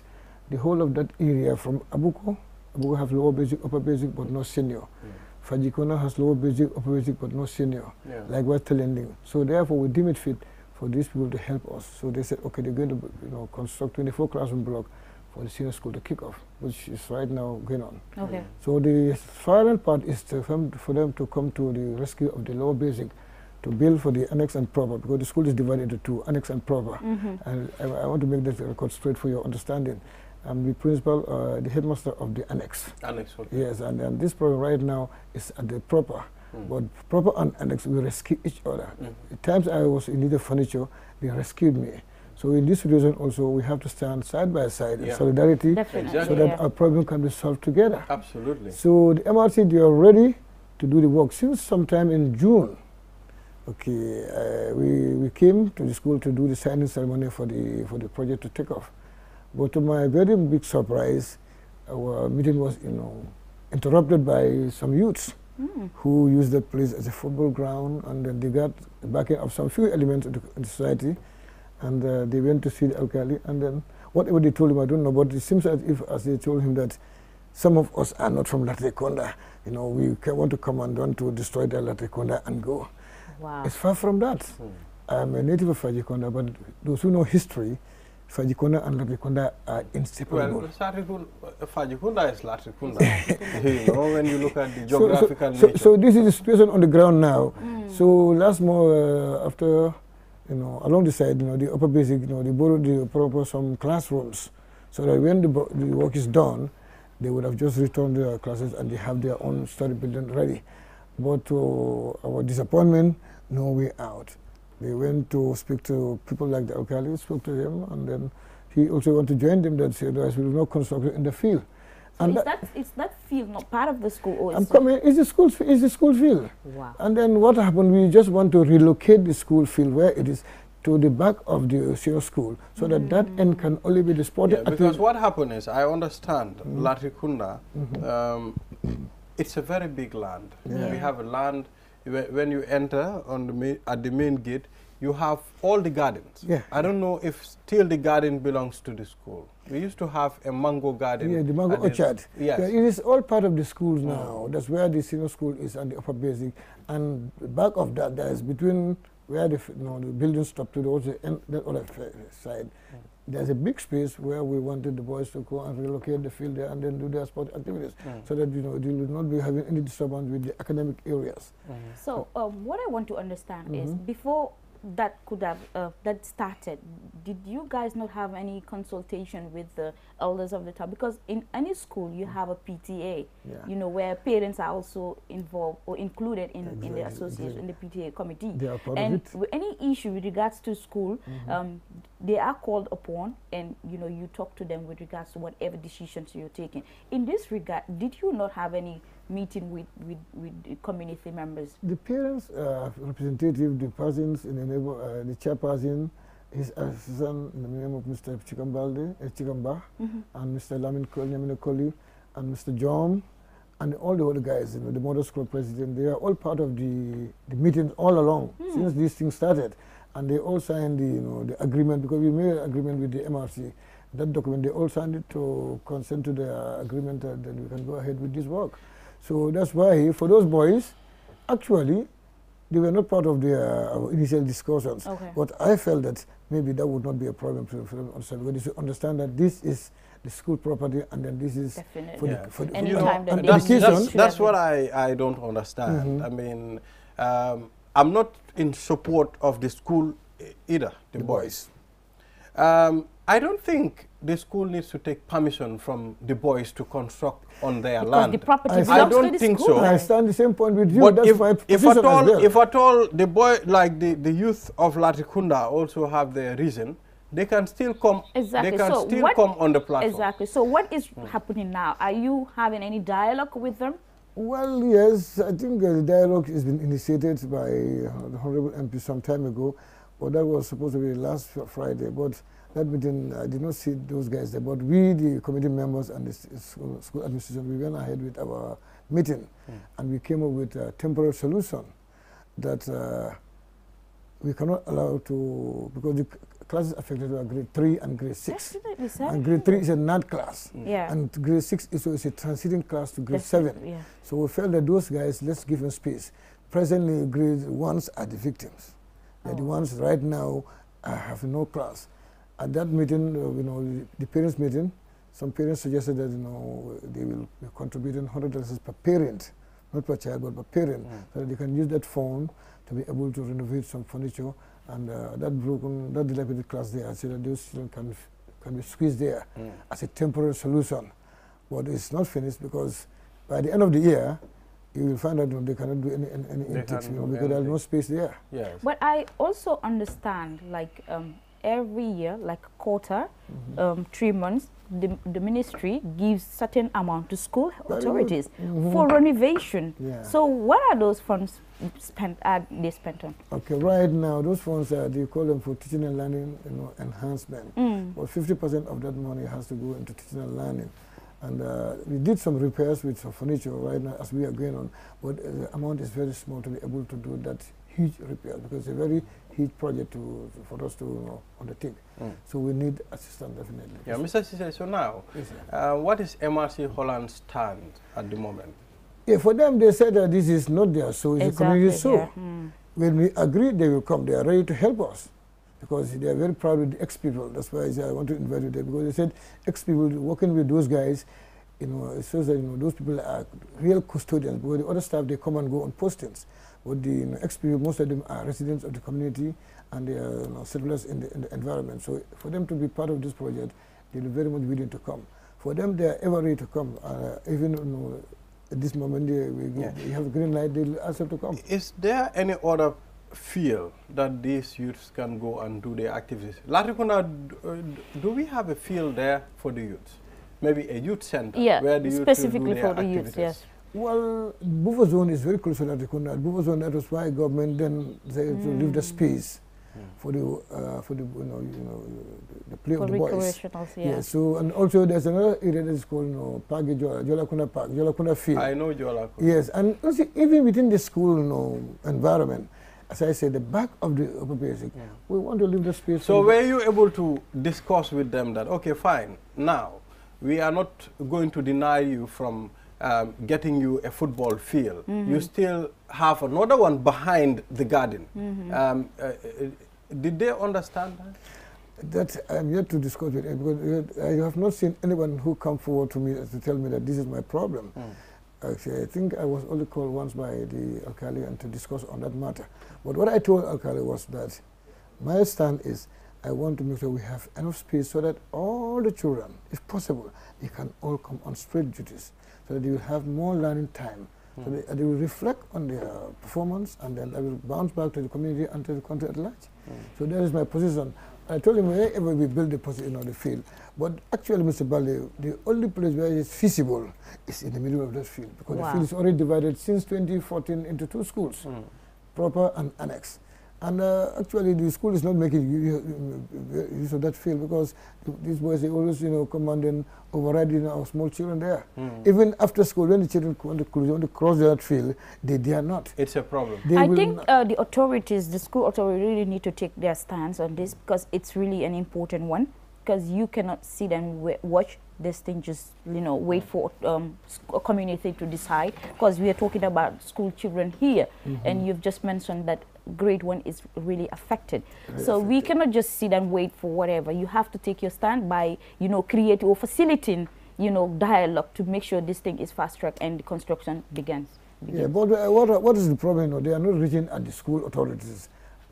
the whole of that area from Abuko, Abuko have lower basic, upper basic, but not senior. Yeah. Fajikona has lower basic, upper basic, but not senior. Yeah. Likewise, Telending. So therefore, we deem it fit for these people to help us. So they said, okay, they're going to you know, construct 24 classroom block for the senior school to kick off, which is right now going on. Okay. So the final part is for them to come to the rescue of the lower basic to build for the annex and proper, because the school is divided into two, annex and proper. Mm -hmm. And I, I, want to make this record straight for your understanding. I'm the principal, uh, the headmaster of the annex. Annex, okay. Yes, and, and this program right now is at the proper. Mm. But proper and annex, we rescue each other. Mm. At times I was in need of furniture, they rescued me. So in this situation also, we have to stand side by side yeah. in solidarity so that yeah. our problem can be solved together. Absolutely. So the MRC, they are ready to do the work since sometime in June. Okay, uh, we, we came to the school to do the signing ceremony for the, for the project to take off. But to my very big surprise, our meeting was, you know, interrupted by some youths mm. who used the place as a football ground and then they got the backing of some few elements in the, the society and uh, they went to see the alkali and then whatever they told him, I don't know, but it seems as if as they told him that some of us are not from Latriconda, you know, we want to come and want to destroy the Latriconda and go. Wow. It's far from that. Hmm. I'm a native of Fajikonda, but those who know history, Fajikonda and Latrikunda are inseparable. Well, Fajikonda, uh, Fajikonda is Latrikunda. you know, when you look at the geographical so, so, nature. So, so, this is the situation on the ground now. Mm. So last more uh, after, you know, along the side, you know, the upper basic, you know, they borrowed the proper some classrooms, so that when the, the work is done, they would have just returned to their classes and they have their own study building ready. But to our disappointment, no way out. They went to speak to people like the Alkali, spoke to him, and then he also wanted to join them. That said, there is no construction in the field. So and is that, that is that field not part of the school? Or I'm coming. It's the school. It's the school field. Wow. And then what happened? We just want to relocate the school field where it is to the back of the senior school, so mm. that that end can only be the sporting. Yeah, because what happened is, I understand mm. Latrikunda. Mm -hmm. um, it's a very big land. Yeah. We have a land, when you enter on the main, at the main gate, you have all the gardens. Yeah. I don't know if still the garden belongs to the school. We used to have a mango garden. Yeah, the mango orchard. Yes. Yeah, it is all part of the schools mm. now. That's where the senior school is and the upper basic. And back of that, there is between where the, you know, the building stopped to the other, the other side. Mm there's a big space where we wanted the boys to go and relocate the field there and then do their sport activities mm. so that you know they would not be having any disturbance with the academic areas. Mm. So um, what I want to understand mm -hmm. is mm-hmm. before that could have uh, that started did you guys not have any consultation with the elders of the town because in any school you have a pta yeah. you know where parents are also involved or included in, exactly. in the association in the pta committee they are part and of it. any issue with regards to school mm -hmm. um, they are called upon and you know you talk to them with regards to whatever decisions you're taking in this regard did you not have any meeting with, with, with community members? The parents uh, representative, the persons in the, neighbor, uh, the chairperson, his assistant uh, in the name of Mr. Chikambalde, uh, Chikamba, mm -hmm. and Mr. Lamin and Mr. John, and all the other guys, you know, the motor school president, they are all part of the, the meetings all along mm. since this thing started. And they all signed the, you know, the agreement, because we made an agreement with the MRC. That document, they all signed it to consent to the uh, agreement and uh, that we can go ahead with this work. So that's why for those boys, actually, they were not part of the uh, initial discussions. Okay. But I felt that maybe that would not be a problem for them understand. But they understand that this is the school property and then this is Definitely. for yeah. the for the, time that and that's, that's, that's what I, I don't understand. Mm -hmm. I mean, um, I'm not in support of the school eh, either, the, the boys. boys. Um, I don't think the school needs to take permission from the boys to construct on their because land. The property I, belongs I don't to the think school. so. I stand the same point with you. But That's if, my if at all, well. if at all, the boy like the, the youth of Latikunda also have their reason. They can still come. Exactly. They can so still what, come on the platform. Exactly. So what is hmm. happening now? Are you having any dialogue with them? Well, yes. I think uh, the dialogue has been initiated by uh, the honorable MP some time ago, but that was supposed to be last Friday. But that meeting, I did not see those guys there, but we, the committee members and the school, school administration, we went ahead with our meeting mm. and we came up with a temporary solution that uh, we cannot allow to, because the classes affected are grade 3 and grade 6. And grade 3 is a nad class. Mm. Yeah. And grade 6 is, a transiting class to grade 7. Yeah. So we felt that those guys, let's give them space. Presently, grade 1s are the victims. They're the oh. ones right now uh, have no class at that meeting, uh, you know, the parents' meeting, some parents suggested that, you know, they will be contributing $100 per parent, not per child, but per parent, mm. so that they can use that phone to be able to renovate some furniture. And uh, that broken, that dilapidated class there, so that those children can, can be squeezed there mm. as a temporary solution. But it's not finished because by the end of the year, you will find out that they cannot do any, any, any intakes you know, because there's no space there. Yes. But I also understand, like, um, every year, like quarter, mm -hmm. um, three months, the, the, ministry gives certain amount to school authorities mm -hmm. for renovation. Yeah. So what are those funds spent, are they spent on? Okay, right now, those funds, are they call them for teaching and learning you know, enhancement. Mm. But 50% of that money has to go into teaching and learning. And uh, we did some repairs with some furniture right now as we are going on, but uh, the amount is very small to be able to do that huge repair because it's a very huge project to, for us to undertake. Mm. So we need assistance definitely. Yeah, Mr. Cicely, so now, yes, uh, what is MRC Holland stand at the moment? Yeah, for them, they said that this is not their so, it's exactly, a community so. Yeah. Mm. When we agree, they will come. They are ready to help us because they are very proud of the ex-people. That's why I, say I want to invite you there because they said ex-people working with those guys, you know, it shows that you know, those people are real custodians because the other staff, they come and go on postings with the you know, XP, most of them are residents of the community and they are you know, settlers in the, in the, environment. So for them to be part of this project, they are very much willing to come. For them, they are ever ready to come. Uh, even you know, at this moment, they, we, yeah. they have a green light, they'll accept to come. Is there any other feel that these youths can go and do their activities? Latrikunda, uh, do we have a field there for the youths? Maybe a youth center yeah, where the youth specifically do their for the youth, yes. Well, buffer zone is very crucial at the corner. Buffer zone, that was why government then they mm. to leave the mm. space yeah. for the uh, for the you know you know the play for of the boys. Yeah. yeah. So and also there's another area that is called you know Park Jola, Jolakunda Park, Field. I know Jolakunda. Yes, and also even within the school you know environment, as I said, the back of the upper basic, yeah. we want to leave the space. So were you able to discuss with them that okay, fine, now we are not going to deny you from um, getting you a football field, mm -hmm. you still have another one behind the garden. Mm -hmm. um, uh, uh, did they understand that? That I'm yet to discuss with them because I have not seen anyone who come forward to me to tell me that this is my problem. Mm. Actually, I think I was only called once by the alkali and to discuss on that matter. But what I told alkali was that my stand is I want to make sure we have enough space so that all the children, if possible, they can all come on straight duties so that you have more learning time. Mm. So hmm. they, they, will reflect on their performance and then they will bounce back to the community and to the country at large. Mm. So that is my position. I told him wherever we build the position on the field. But actually, Mr. Bali, the only place where it is feasible is in the middle of that field because wow. the field is already divided since 2014 into two schools, mm. proper and annex. And uh, actually, the school is not making use of that field because these boys they always, you know, commanding, overriding our small children there. Mm. Even after school, when the children want to, want to cross that field, they, they are not. It's a problem. They I think uh, the authorities, the school authorities, really need to take their stance on this because it's really an important one. Because you cannot sit and watch this thing just you know wait hmm. for um, community to decide because we are talking about school children here mm -hmm. and you've just mentioned that grade one is really affected. so affected. we cannot just sit and wait for whatever. You have to take your stand by, you know, creating or facilitating, you know, dialogue to make sure this thing is fast track and the construction begins. begins. Yeah, but uh, what, what is the problem? No, they are not reaching at the school authorities.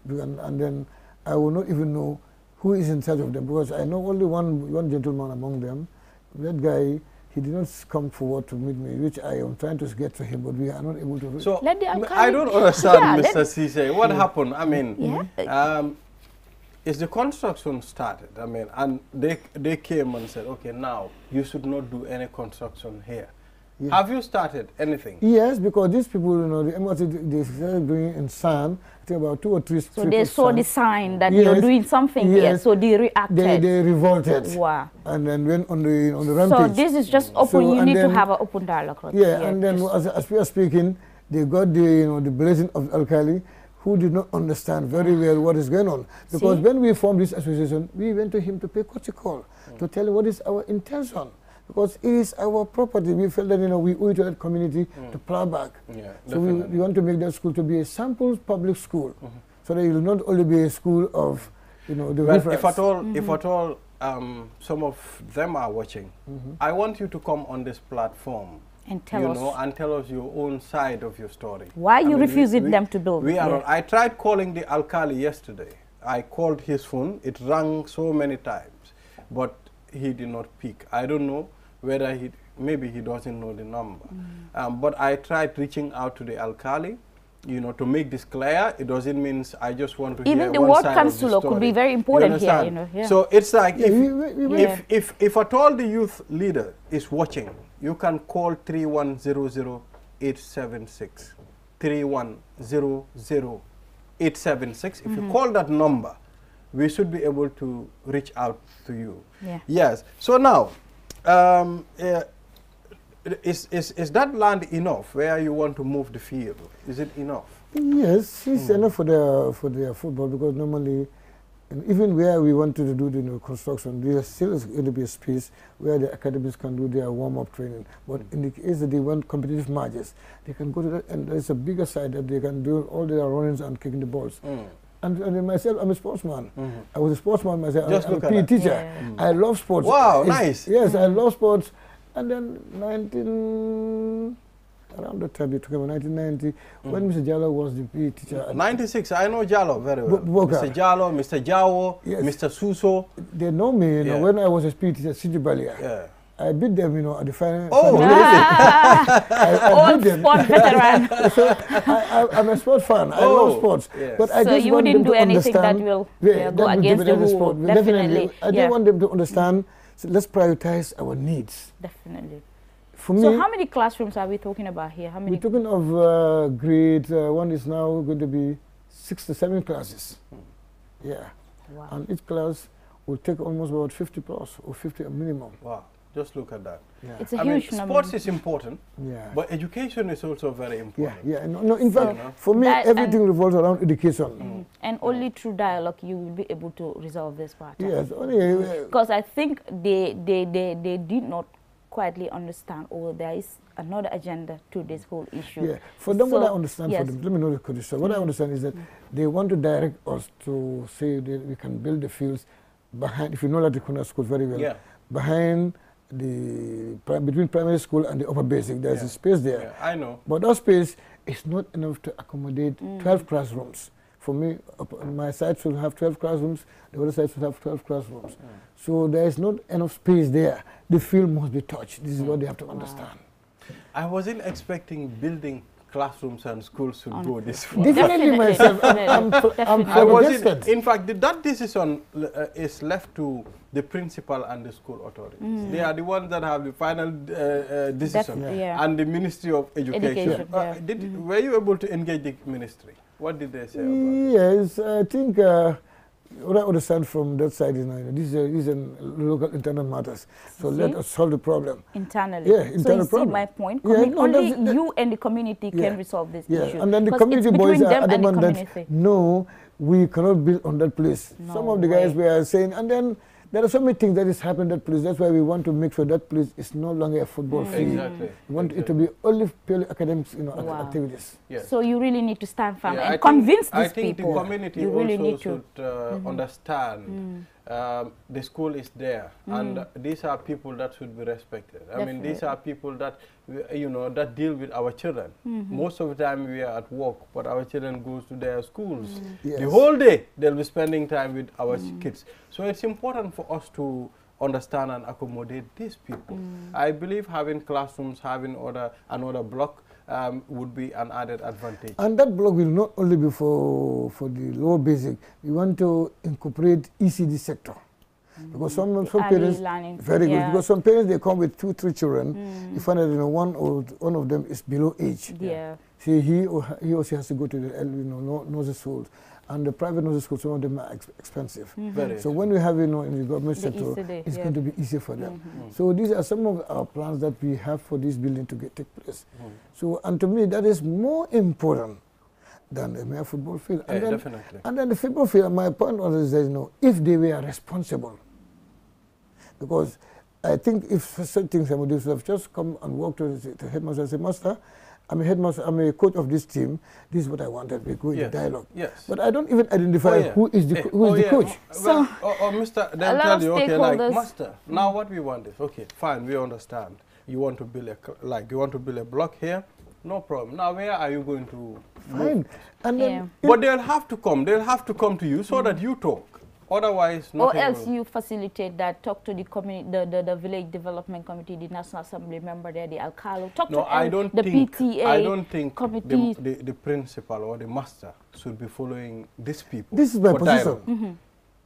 And, and then I will not even know who is in charge of them because I know only one, one gentleman among them. That guy he did not come forward to meet me, which I am trying to get to him, but we are not able to. So I don't understand, yeah, Mr. Cisse. What yeah. happened? I mean, yeah. um, is the construction started? I mean, and they they came and said, okay, now you should not do any construction here. Have you started anything? Yes, because these people, you know, the MRT they started doing in sand I think about two or three. So they saw the sign that yes. you're doing something yes. here, so they reacted. They, they revolted. Wow. And then went on the on the rampage. So this is just open. So, you need then, to have an open dialogue. Right? Yeah, yeah, and then as, as we are speaking, they got the you know the blessing of Al Kali, who did not understand very well what is going on. Because See? when we formed this association, we went to him to pay court call, mm. to tell him what is our intention because it is our property. We feel that you know we owe it to that community mm. to plow back. Yeah, so we, we, want to make that school to be a sample public school, mm -hmm. so that it will not only be a school of you know the well, if at all, mm -hmm. if mm-hmm. at all, um, some of them are watching. -hmm. I want you to come on this platform and tell you us know, and tell us your own side of your story. Why you mean, refusing we, them to build? We are. Yeah. I tried calling the alkali yesterday. I called his phone. It rang so many times, but he did not pick. I don't know whether he maybe he doesn't know the number. Mm um, but I tried reaching out to the alkali, you know, to make this clear. It doesn't mean I just want to even the word Kansulo could be very important you here. You know, yeah. So it's like if, yeah. if, if if at all the youth leader is watching, you can call three one zero zero eight seven six. 3100876. If mm -hmm. you mm-hmm. call that number, we should be able to reach out to you. Yeah. Yes. So now, um, uh, is, is, is that land enough where you want to move the field? Is it enough? Yes, it's mm. enough for the for their football because normally, even where we wanted to do the construction, there still is going to be a space where the academies can do their warm up training. But mm. in the case that they want competitive matches, they can go to that, and there's a bigger side that they can do all their runnings and kicking the balls. Mm and, and myself, I'm a sportsman. Mm -hmm. I was a sportsman myself. Just I'm, I'm a PE teacher. Yeah. I love sports. Wow, it's, nice. Yes, I mm. love sports. And then 19 around the time you took about 1990, mm. when Mr. Jallo was the PE teacher. 96, I know Jallo very well. Mr. Jallo, Mr. Jawo, yes. Mr. Suso. They know me, you yeah. know, when I was a PE teacher, Sidi Balia. Yeah. I beat them, you know, at the final. Oh, final. Ah. I, I Old beat them. sport veteran. so I, I, am a sport fan. Oh, I love oh, sports, yes. but I so just you want didn't them do anything that will yeah, go against the sport. Definitely. definitely. I don't want them to understand. So let's prioritize our needs. Definitely. For me, so how many classrooms are we talking about here? How many? We're talking of uh, grade uh, one is now going to be six to seven classes. Hmm. Yeah. Wow. And each class will take almost about 50 plus or 50 minimum. Wow. Just look at that. Yeah. It's a I huge mean, number. Sports is important, yeah. but education is also very important. Yeah, yeah. No, no in so fact, for me, that everything revolves around education. Mm, mm. And yeah. only through dialogue you will be able to resolve this part. Yes, only. Because uh, I think they, they, they, they did not quietly understand, or oh, there is another agenda to this whole issue. Yeah, for them, so what I understand yes. for them, let me know the condition. What mm I understand is that mm they want to direct us to say that we can build the fields behind, if you know the Latikuna School very well, yeah. behind the between primary school and the upper basic. There's yeah. a space there. Yeah, I know. But that space is not enough to accommodate mm. 12 classrooms. For me, my side should have 12 classrooms, the other side should have 12 classrooms. Mm. So there is not enough space there. The field must be touched. This is mm. what they have to understand. I wasn't expecting building classrooms and schools should go this far. Definitely, myself. I'm, I'm I am i am i was in. in fact, the, that decision uh, is left to the principal and the school authorities. Mm. They are the ones that have the final uh, uh, decision. Yeah. And the Ministry of Education. Education uh, yeah. did, mm. Were you able to engage the ministry? What did they say about yes, it? Yes, I think uh, what I understand from that side is now, this is, a, this is local internal matters. So See? let us solve the problem. Internally. Yeah, internal so problem. my point? Yeah, no, only you and the community yeah. can resolve this yeah. issue. And then the community boys are adamant that, no, we cannot build on that place. No Some of the guys were saying, and then there are so many things that has happened at police. That's why we want to make sure that police is no longer a football mm. field. Exactly. We want exactly. it to be only purely academic you know, wow. activities. Yes. So you really need to stand firm yeah, and I convince think, these people. I think people. the community you really also need to. should uh, mm-hmm. mm -hmm. understand um, the school is there, mm. and these are people that should be respected. I Definitely. mean, these are people that you know that deal with our children. Mm -hmm. Most of the time, we are at work, but our children goes to their schools. Mm. Yes. The whole day they'll be spending time with our mm. kids. So it's important for us to understand and accommodate these people. Mm. I believe having classrooms, having other another block um, would be an added advantage. And that block will not only be for, for the lower basic, we want to incorporate ECD sector. Because some, mm-hmm. some parents, learning. very yeah. good. Because some parents they come with two, three children. Mm. You find that you know one or one of them is below age. Yeah. yeah. See, he or he or she has to go to the you know nursery schools. And the private nursery schools, some of them are expensive. Mm -hmm. So when we have you know in the government the sector, ECD, it's yeah. going to be easier for them. Mm-hmm. Mm -hmm. So these are some of our plans that we have for this building to get, take place. Mm. So and to me that is more important than a mere football field. And, yeah, then, definitely. and then the football field, my point was that, you know, if they were responsible, because I think if certain things I would have just come and walk to the, to headmaster and say, Master, I'm a headmaster, I'm a coach of this team. This is what I wanted. We go into yes. dialogue. Yes. But I don't even identify oh, yeah. who is the, yeah. who is oh, the yeah. coach. Well, so, or, or Mr. They'll tell you, okay, like, Master, now what we want is, okay, fine, we understand. You want to build a, like, you want to build a block here? No problem. Now, where are you going to Fine. Move? And then But they'll have to come. They'll have to come to you so mm. that you talk. Otherwise, Or else will. you facilitate that, talk to the, community, the, the, the, Village Development Committee, the National Assembly member there, the Alcalo, talk no, to I don't the think, PTA I don't think committee. The, the, the, principal or the master should be following these people. This is my position. Mm -hmm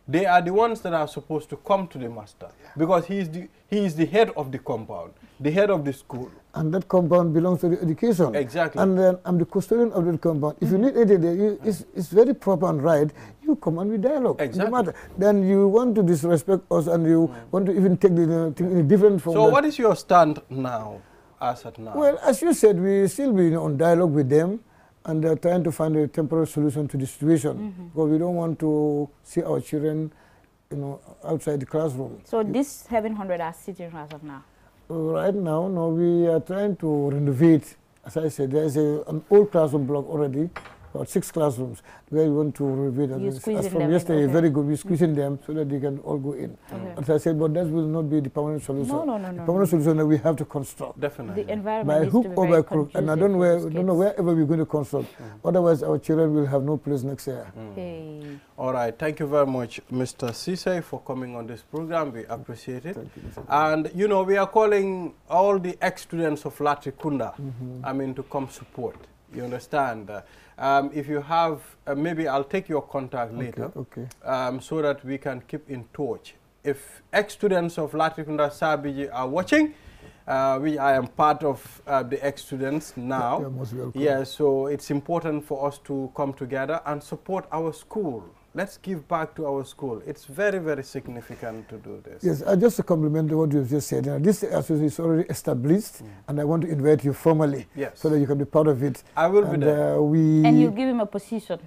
they are the ones that are supposed to come to the master yeah. because he is the he is the head of the compound, the head of the school. And that compound belongs to the education. Exactly. And then I'm the custodian of that compound. Mm -hmm. If you need anything, you, it's, it's very proper and right. You come and we dialogue. Exactly. No matter. Then you want to disrespect us and you mm -hmm. want to even take the uh, thing in a different form. So what is your stand now, as at now? Well, as you said, we still be on dialogue with them and they're trying to find a temporary solution to the situation mm -hmm. because we don't want to see our children you know, outside the classroom. So these 700 are sitting as of now? Right now, no, we are trying to renovate. As I said, there's a, an old classroom block already about six classrooms where we want to review them. As from yesterday, okay. very good. We squeezing in mm. them so that they can all go in. Okay. As I said, but that will not be the permanent solution. No, no, no, the permanent solution that we have to construct. Definitely. The environment by hook or by crook, and I don't, where, don't know wherever we're going to construct. Mm. Otherwise, our children will have no place next year. Mm. Okay. All right. Thank you very much, Mr. Sise, for coming on this program. We appreciate it. Thank you, and you know, we are calling all the ex-students of Latrikunda, mm -hmm. I mean, to come support. You understand? Um, if you have, uh, maybe I'll take your contact okay, later, okay. Um, so that we can keep in touch. If ex-students of Latrikunda Sabiji are watching, uh, which I am part of uh, the ex-students now. Yeah, yeah, so it's important for us to come together and support our school let's give back to our school. It's very, very significant to do this. Yes, uh, just to compliment what you've just said, this association is already established, mm. and I want to invite you formally yes. so that you can be part of it. I will and, be there. Uh, we and you give him a position.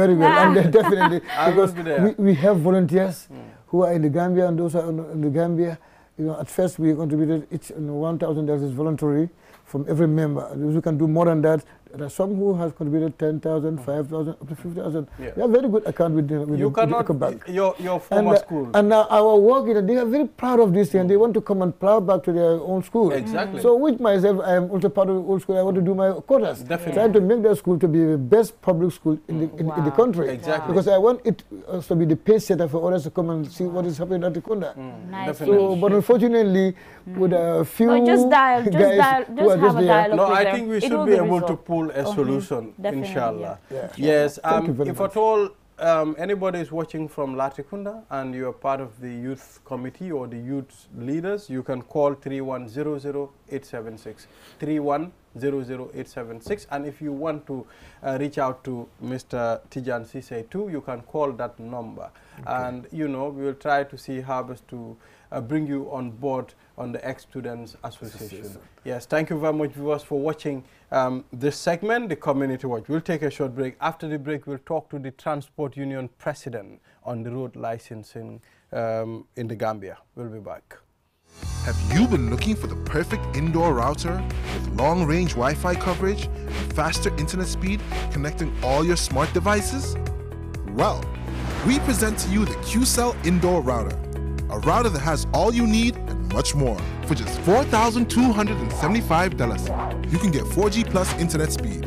Very well, and uh, definitely. because We, we have volunteers mm. who are in the Gambia and those are in the Gambia. You know, at first we contributed each 1,000 dollars is voluntary from every member. We can do more than that there are some who has contributed 10,000, 5,000, up to 50,000. Mm. Yeah. They are very good account with the, with you the, cannot, with the Your, your former and, uh, school. And now our work, you know, they are very proud of this thing. Mm. They want to come and plow back to their own school. Mm. Exactly. Mm. So with myself, I am also part of the old school. I want to do my quotas. Definitely. Trying to make their school to be the best public school in the, in, wow. in the country. Exactly. Because I want it to be the pace setter for others to come and see wow. what is happening at the corner. Mm. Nice. Definitely. So, but unfortunately, mm. with a few just dial, just guys dial, just who are just there. No, I think we should be able to pull full a oh, solution, mm -hmm. inshallah. Yes, um, if much. at all um, anybody is watching from Latikunda and you are part of the youth committee or the youth leaders, you can call 3100876. 3100876. And if you want to uh, reach out to Mr. Tijan Sise too, you can call that number. Okay. And, you know, we will try to see how best to uh, bring you on board on the ex-students association. association. Yes, thank you very much viewers for watching um, this segment, the Community Watch. We'll take a short break. After the break, we'll talk to the Transport Union President on the road licensing um, in the Gambia. We'll be back. Have you been looking for the perfect indoor router with long-range Wi-Fi coverage and faster internet speed connecting all your smart devices? Well, we present to you the QCell Indoor Router, a router that has all you need and much more for just $4,275. You can get 4G plus internet speed,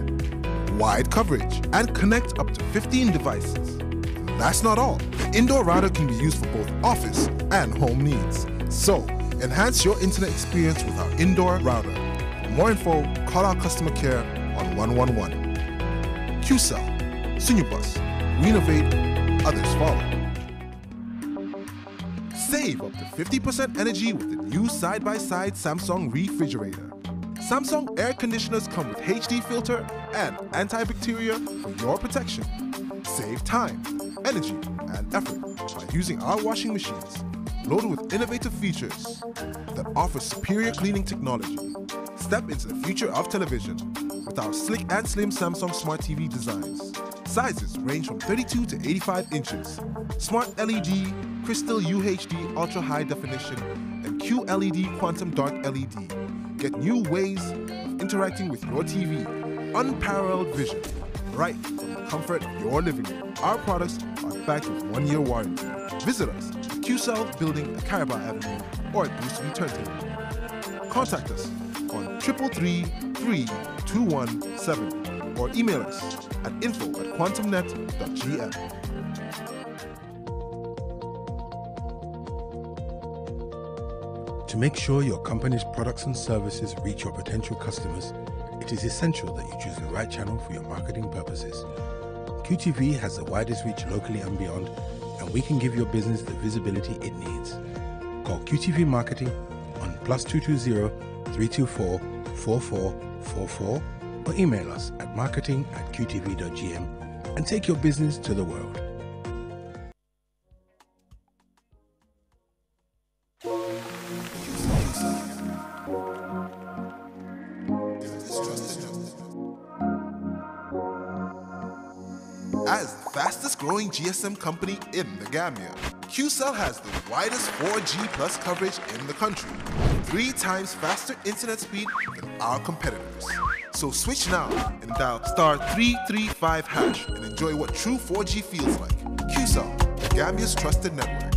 wide coverage, and connect up to 15 devices. That's not all. The indoor router can be used for both office and home needs. So, enhance your internet experience with our indoor router. For more info, call our customer care on 111. QCell, Sinubus, we innovate, others follow. Save up to 50% energy with New side-by-side -side Samsung refrigerator. Samsung air conditioners come with HD filter and antibacterial for your protection. Save time, energy, and effort by using our washing machines, loaded with innovative features that offer superior cleaning technology. Step into the future of television with our slick and slim Samsung Smart TV designs. Sizes range from 32 to 85 inches. Smart LED, crystal UHD ultra high definition, QLED Quantum Dark LED. Get new ways of interacting with your TV. Unparalleled vision, right from the comfort of your living room. Our products are backed with one year warranty. Visit us at QCell Building at Caraba Avenue or at Boost V Turntable. Contact us on 333 or email us at info at quantumnet.gm. To make sure your company's products and services reach your potential customers, it is essential that you choose the right channel for your marketing purposes. QTV has the widest reach locally and beyond, and we can give your business the visibility it needs. Call QTV Marketing on plus 220 324 4444 or email us at marketing at qtv.gm and take your business to the world. as the fastest growing GSM company in the Gambia. QCell has the widest 4G plus coverage in the country, three times faster internet speed than our competitors. So switch now and dial star 335 hash and enjoy what true 4G feels like. QCell, the Gambia's trusted network.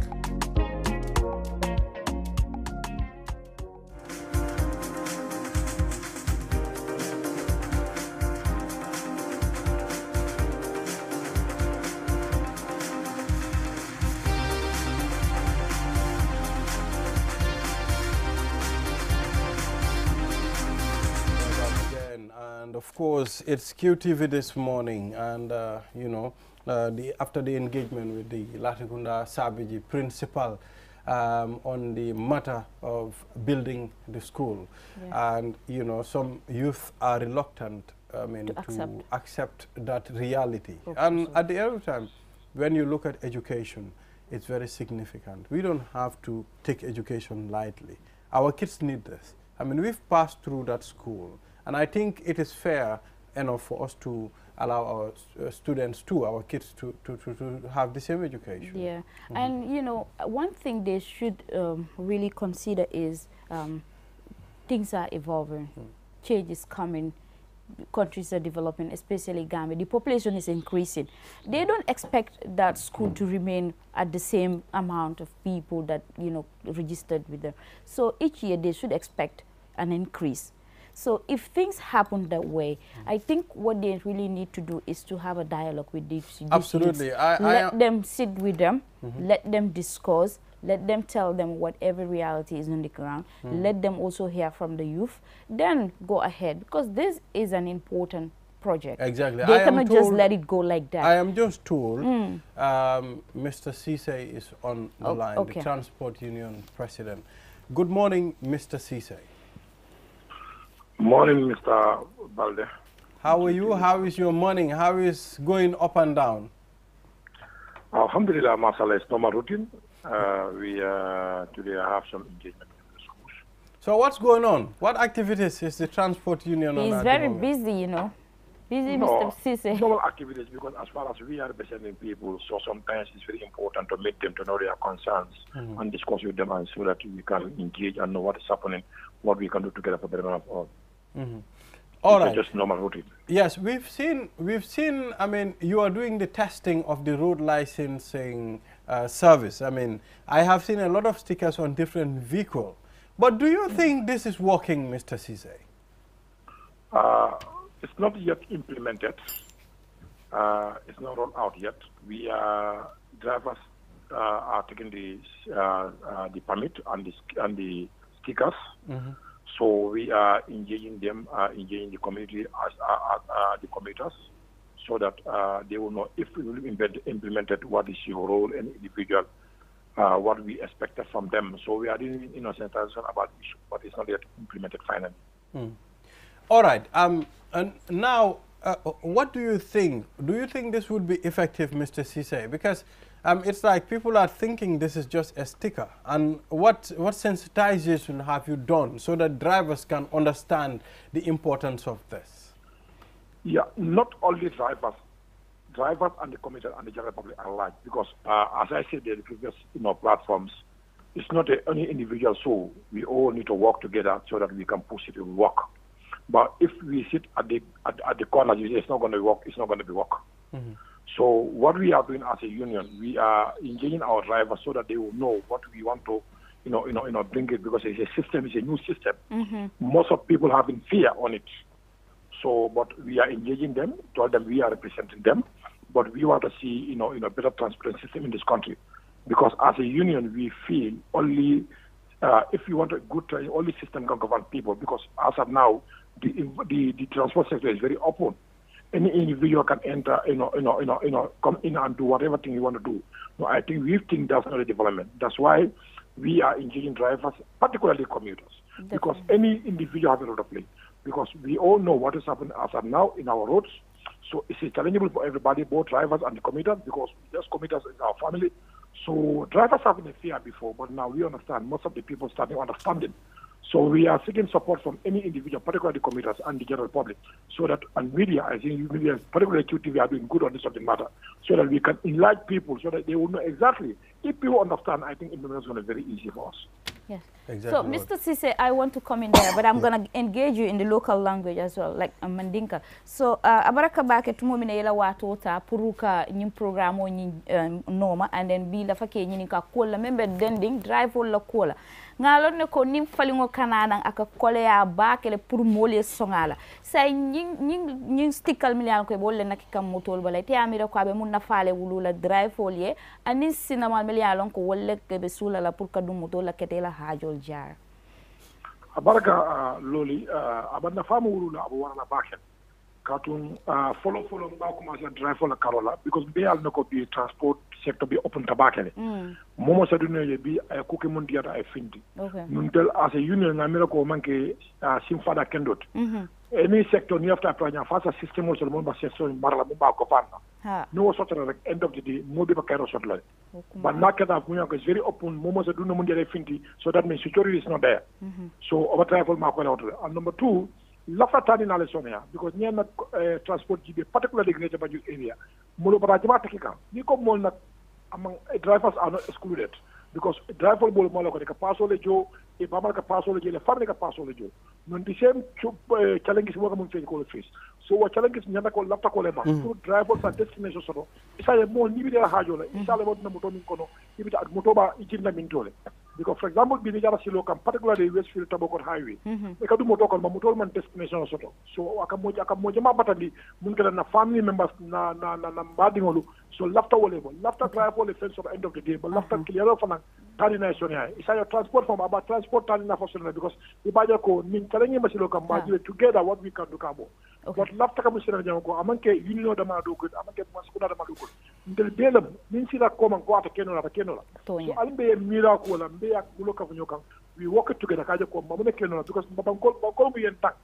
course, it's QTV this morning, and uh, you know, uh, the, after the engagement with the Latikunda Sabiji principal um, on the matter of building the school, yeah. and you know, some youth are reluctant. I mean, to, to accept. accept, that reality, okay, and so. at the end of the time, when you look at education, it's very significant. We don't have to take education lightly. Our kids need this. I mean, we've passed through that school and I think it is fair enough for us to allow our uh, students to, our kids to, to, to, to, have the same education. Yeah, mm -hmm. and you know, one thing they should um, really consider is um, things are evolving, mm. change is coming, countries are developing, especially Gambia. The population is increasing. They don't expect that school mm. to remain at the same amount of people that, you know, registered with them. So each year they should expect an increase so if things happen that way, mm. I think what they really need to do is to have a dialogue with these, these Absolutely. I, let I, them sit with them, mm -hmm. let them discuss, let them tell them whatever reality is on the ground. Mm. Let them also hear from the youth. Then go ahead because this is an important project. Exactly. They I cannot told, just let it go like that. I am just told mm. um, Mr. Cisse is on the oh, line, okay. the Transport Union President. Good morning, Mr. Cisse. Morning, Mr. Balde. How are you? How is your morning? How is going up and down? Alhamdulillah, mashallah, it's normal routine. Uh, we uh, today have some engagement in the schools. So what's going on? What activities is the transport union He's on? He's very busy, you know. Busy, no, Mr. Sisi. Normal activities because as far as we are representing people, so sometimes it's very important to meet them, to know their concerns mm -hmm. and discuss with them and so that we can engage and know what is happening, what we can do together for the benefit of all. Mm -hmm. All right. Just normal routine. Yes, we've seen, we've seen, I mean, you are doing the testing of the road licensing uh, service. I mean, I have seen a lot of stickers on different vehicles. But do you think this is working, Mr. Cisse? Uh, it's not yet implemented. Uh, it's not rolled out yet. We are, uh, drivers uh, are taking the, uh, the permit and the, and the stickers. Mm -hmm. So we are engaging them, uh, engaging the community as uh, uh the commuters, so that uh, they will know if we will implement, implemented what is your role and individual, uh, what we expected from them. So we are doing you know sensitization about issue, but it's not yet implemented finally. Mm. All right. Um, and now uh, what do you think? Do you think this would be effective, Mr. Cisse? Because um, it's like people are thinking this is just a sticker. And what, what sensitization have you done so that drivers can understand the importance of this? Yeah, not only drivers. Drivers and the committee and the general public alike, because uh, as I said in the previous you know, platforms, it's not only individuals. individual So We all need to work together so that we can push it and work but if we sit at the at, at the corner, it's not going to work. It's not going to be work. Mm-hmm. So what we are doing as a union, we are engaging our drivers so that they will know what we want to, you know, you know, you know, bring it because it's a system, it's a new system. Mm-hmm. Most of people have been fear on it. So, but we are engaging them, told them we are representing them, but we want to see, you know, you know, better transparent system in this country, because as a union, we feel only uh, if you want a good, only system can govern people. Because as of now, the, the, the transport sector is very open. Any individual can enter, you know, you know, you know, you know, come in and do whatever thing you want to do. So I think we think that's not a development. That's why we are engaging drivers, particularly commuters, Definitely. because any individual has a role to play. Because we all know what is happening as of now in our roads. So it's challengeable for everybody, both drivers and commuters, because just commuters is our family. So drivers have been a fear before, but now we understand. Most of the people starting understanding so we are seeking support from any individual, particularly the commuters and the general public, so that, and media, I think media, particularly QTV, are doing good on this subject matter, so that we can enlighten people, so that they will know exactly. If people understand, I think implementation is going to be very easy for us. Yes. Exactly so, Mr. Sise, I want to come in there, but I'm going to engage you in the local language as well, like uh, Mandinka. So, uh, abaraka bake tumumine yela watu ta puruka nyim programo nyi uh, noma, and then bila fake ni ka kola, membe dending, drive la kola. ngalon lon ne ko nin faliŋo kananan aka koleya bakele pour moolu ye say la say e ñiŋ stikkal miliyan ko e bolle nak naki kam motolu balay ite e amira ko be mun nafale wulu la driveol ye aniŋ sinama miliyan lon ko wolle be sula la pour ka dum motolu la kete la haajol jaara a baraka looli aɓa nafaamu wulu la aɓa warala bakele katun folo folo mba commencé driveol la karo la because be al ne ko bi transport sector bi open tabakele hmm. momo sa dunia ye bi ay kuke mun diata ay findi nun tel as a union ah, hmm. na mira ko manke a sim fada kendot any sector ni after plan fa sa system so mo ba section barla mo ba ko fanna no so tara rek end of the day mo bi ba kayro sot la but na kata ko nyaka so that means security is not there hmm. so over travel ma ko la and number 2 lafatani ah, eh, na le sonia because ni transport moloɓata teki ka ni ko mol nak among drivers are not excluded because driver bol mala ko de ka pasole jo e bamal ka pasole je le farne ka pasole jo non di sem euh, challenges wo kam fe ko le face so wo challenges nyanda ko lapta ko le ma mm-hmm. pour driver sa destination soto isa ye mo i bi de haajo la isa le mo na moto min kono ibi ta moto ba ijinna min tole because for example bini jara silo kam particularly westfield tabokot highway mm -hmm. e kadu mo tokon ma mutol man destination soto so aka mo aka mo jama batandi mun kala na family members na na na, na mbadi ngolu so lafta wole bo lafta try for the fence of end of the day but lafta uh mm-hmm. -huh. clear of nan tani na so ya isa yo transport from aba transport tani na for so because ibaja ko min kala ngi masilo kam ba jile together what we can do kabo okay. but lafta kam sira jama ko amanke you know da ma do good amanke maskuna da ma do good ntel bela min sira koman ko ata kenola ta kenola so ala mbe mira ko la mbe yakulo ka funyo kan wi work together kaje ko ma mune kenola because bankol bankol mu yen tak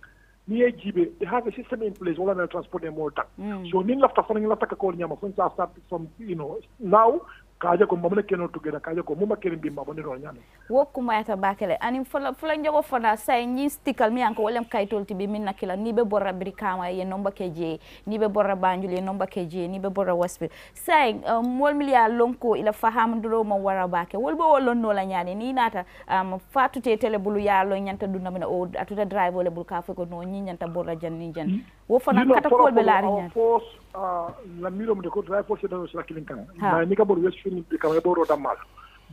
ni ye jibe they have a system in place wala na transport them more tak so nin lafta fana ni lafta ka ko nyama fon sa start from you know now kaaje ko mamle keno tugeda kaaje ko muma kene mbimma bonde ro nyame wo kuma yata bakele ani fola fola njogo fona say ni stickal mi anko wolem kaytol tibi min nakila ni be borra brikama ye nomba keje ni be borra banjul ye nomba keje ni be borra waspe say um, mol milia lonko ila faham duro mo wara bake wol bo wolon no la nyane ni nata am um, fatute tele bulu ya lo nyanta dunna mina o atuta drive wole bul ka fe ko no nyi nyanta borra janni jan mm-hmm. wo fona kata kol be laari nyane lammiɗomo de ko drive fo seeɗano sira kilin kana ma ni kaɓoɗo westfinimɓe kam heɓoro dammal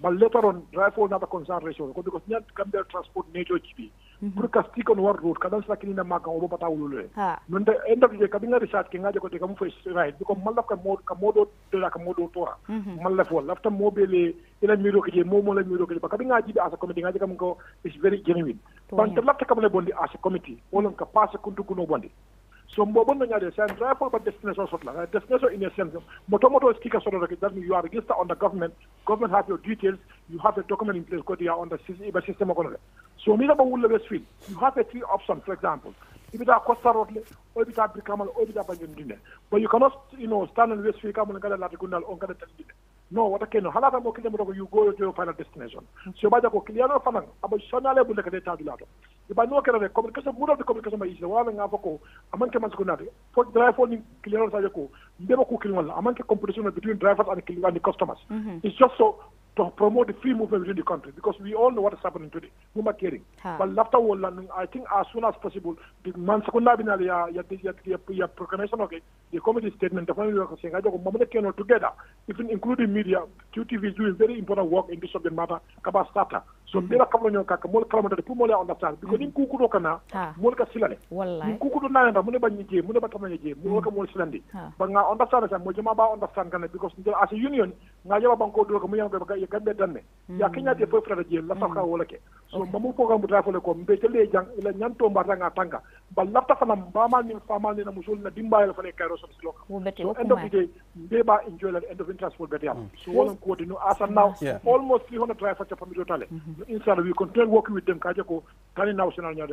balle taron drive fo naɓa concentration ko because ñan gambia transport nejoji ɗi pour que si kono war route kaɗan sira kilina ma kan o ɓopata wulule non de endabije ka ga research ke ngaje kote kamu fo right because mallaf ka moɗo ka moɗo déjà ka moɗo tora mallaf o lafta moɓele ina miro ke je momo la miro ke je ba kaɓi ngajiɓe asa committee ngaji kam ko is very genuine bante lafta kam le bondi asa committee olon ka passe kuntukuno bondi so mboɓon no ñaade so en drapeau mba destination sohla destination in sen jom mo tomoto kika soɗoto that means you are register on the government government have your details you have the document in place you are on the system. systéme kono le so mira ɓa wulla westfield you have a three options. for example ibita costa road le o ibita brikamal o ibita bañondine but you cannot you know stand on westfield kamon gaɗa laati gunnal on gaɗa tan ɗine non wota ke no halata mo kile mo you go to your final destination so baja ko client fanan abo sonale bu lekete tadu lato iba no kere communication bu de communication ma ise wala nga fako aman ke man ko nade for drive for client sa ko mbeba ko client wala aman ke competition between drivers and client and customers mm-hmm. it's just so to promote the free movement within the country because we all know what is happening today. We Muma caring. But after all, I think as soon as possible, the man secunda binal ya ya ya ya ya proclamation okay, the committee statement definitely we are saying I don't know together, even including media, QTV is doing very important work in this subject matter. Kabastata. so mbira kamloñon kaka mool kalamatade pour moole on naftata parce que ɗin kukuɗo kana mool ka silale ɗin kukuɗo nanata mune bañi jee mune battamañe jee mool ka mool silandi banga on naftata tan mo jama ba on naftatan kana because as a union nga jaɓa banko ɗo ko muñanɓe gamɓe danne hmm. ya keñade fof fotata jee lasafka wolake so mamu programme dafole ko mbe tele jang ila nyanto mbarta nga tanga ballata fana mbamal ni famal ni na musul na dimbayal fane kayro so silo so end of the day mbe ba enjoy la end of interest for a so wala ko de no as and now yeah. almost 300 driver cha pamido tale inshallah we continue working with them kaje ko tani now senal euh,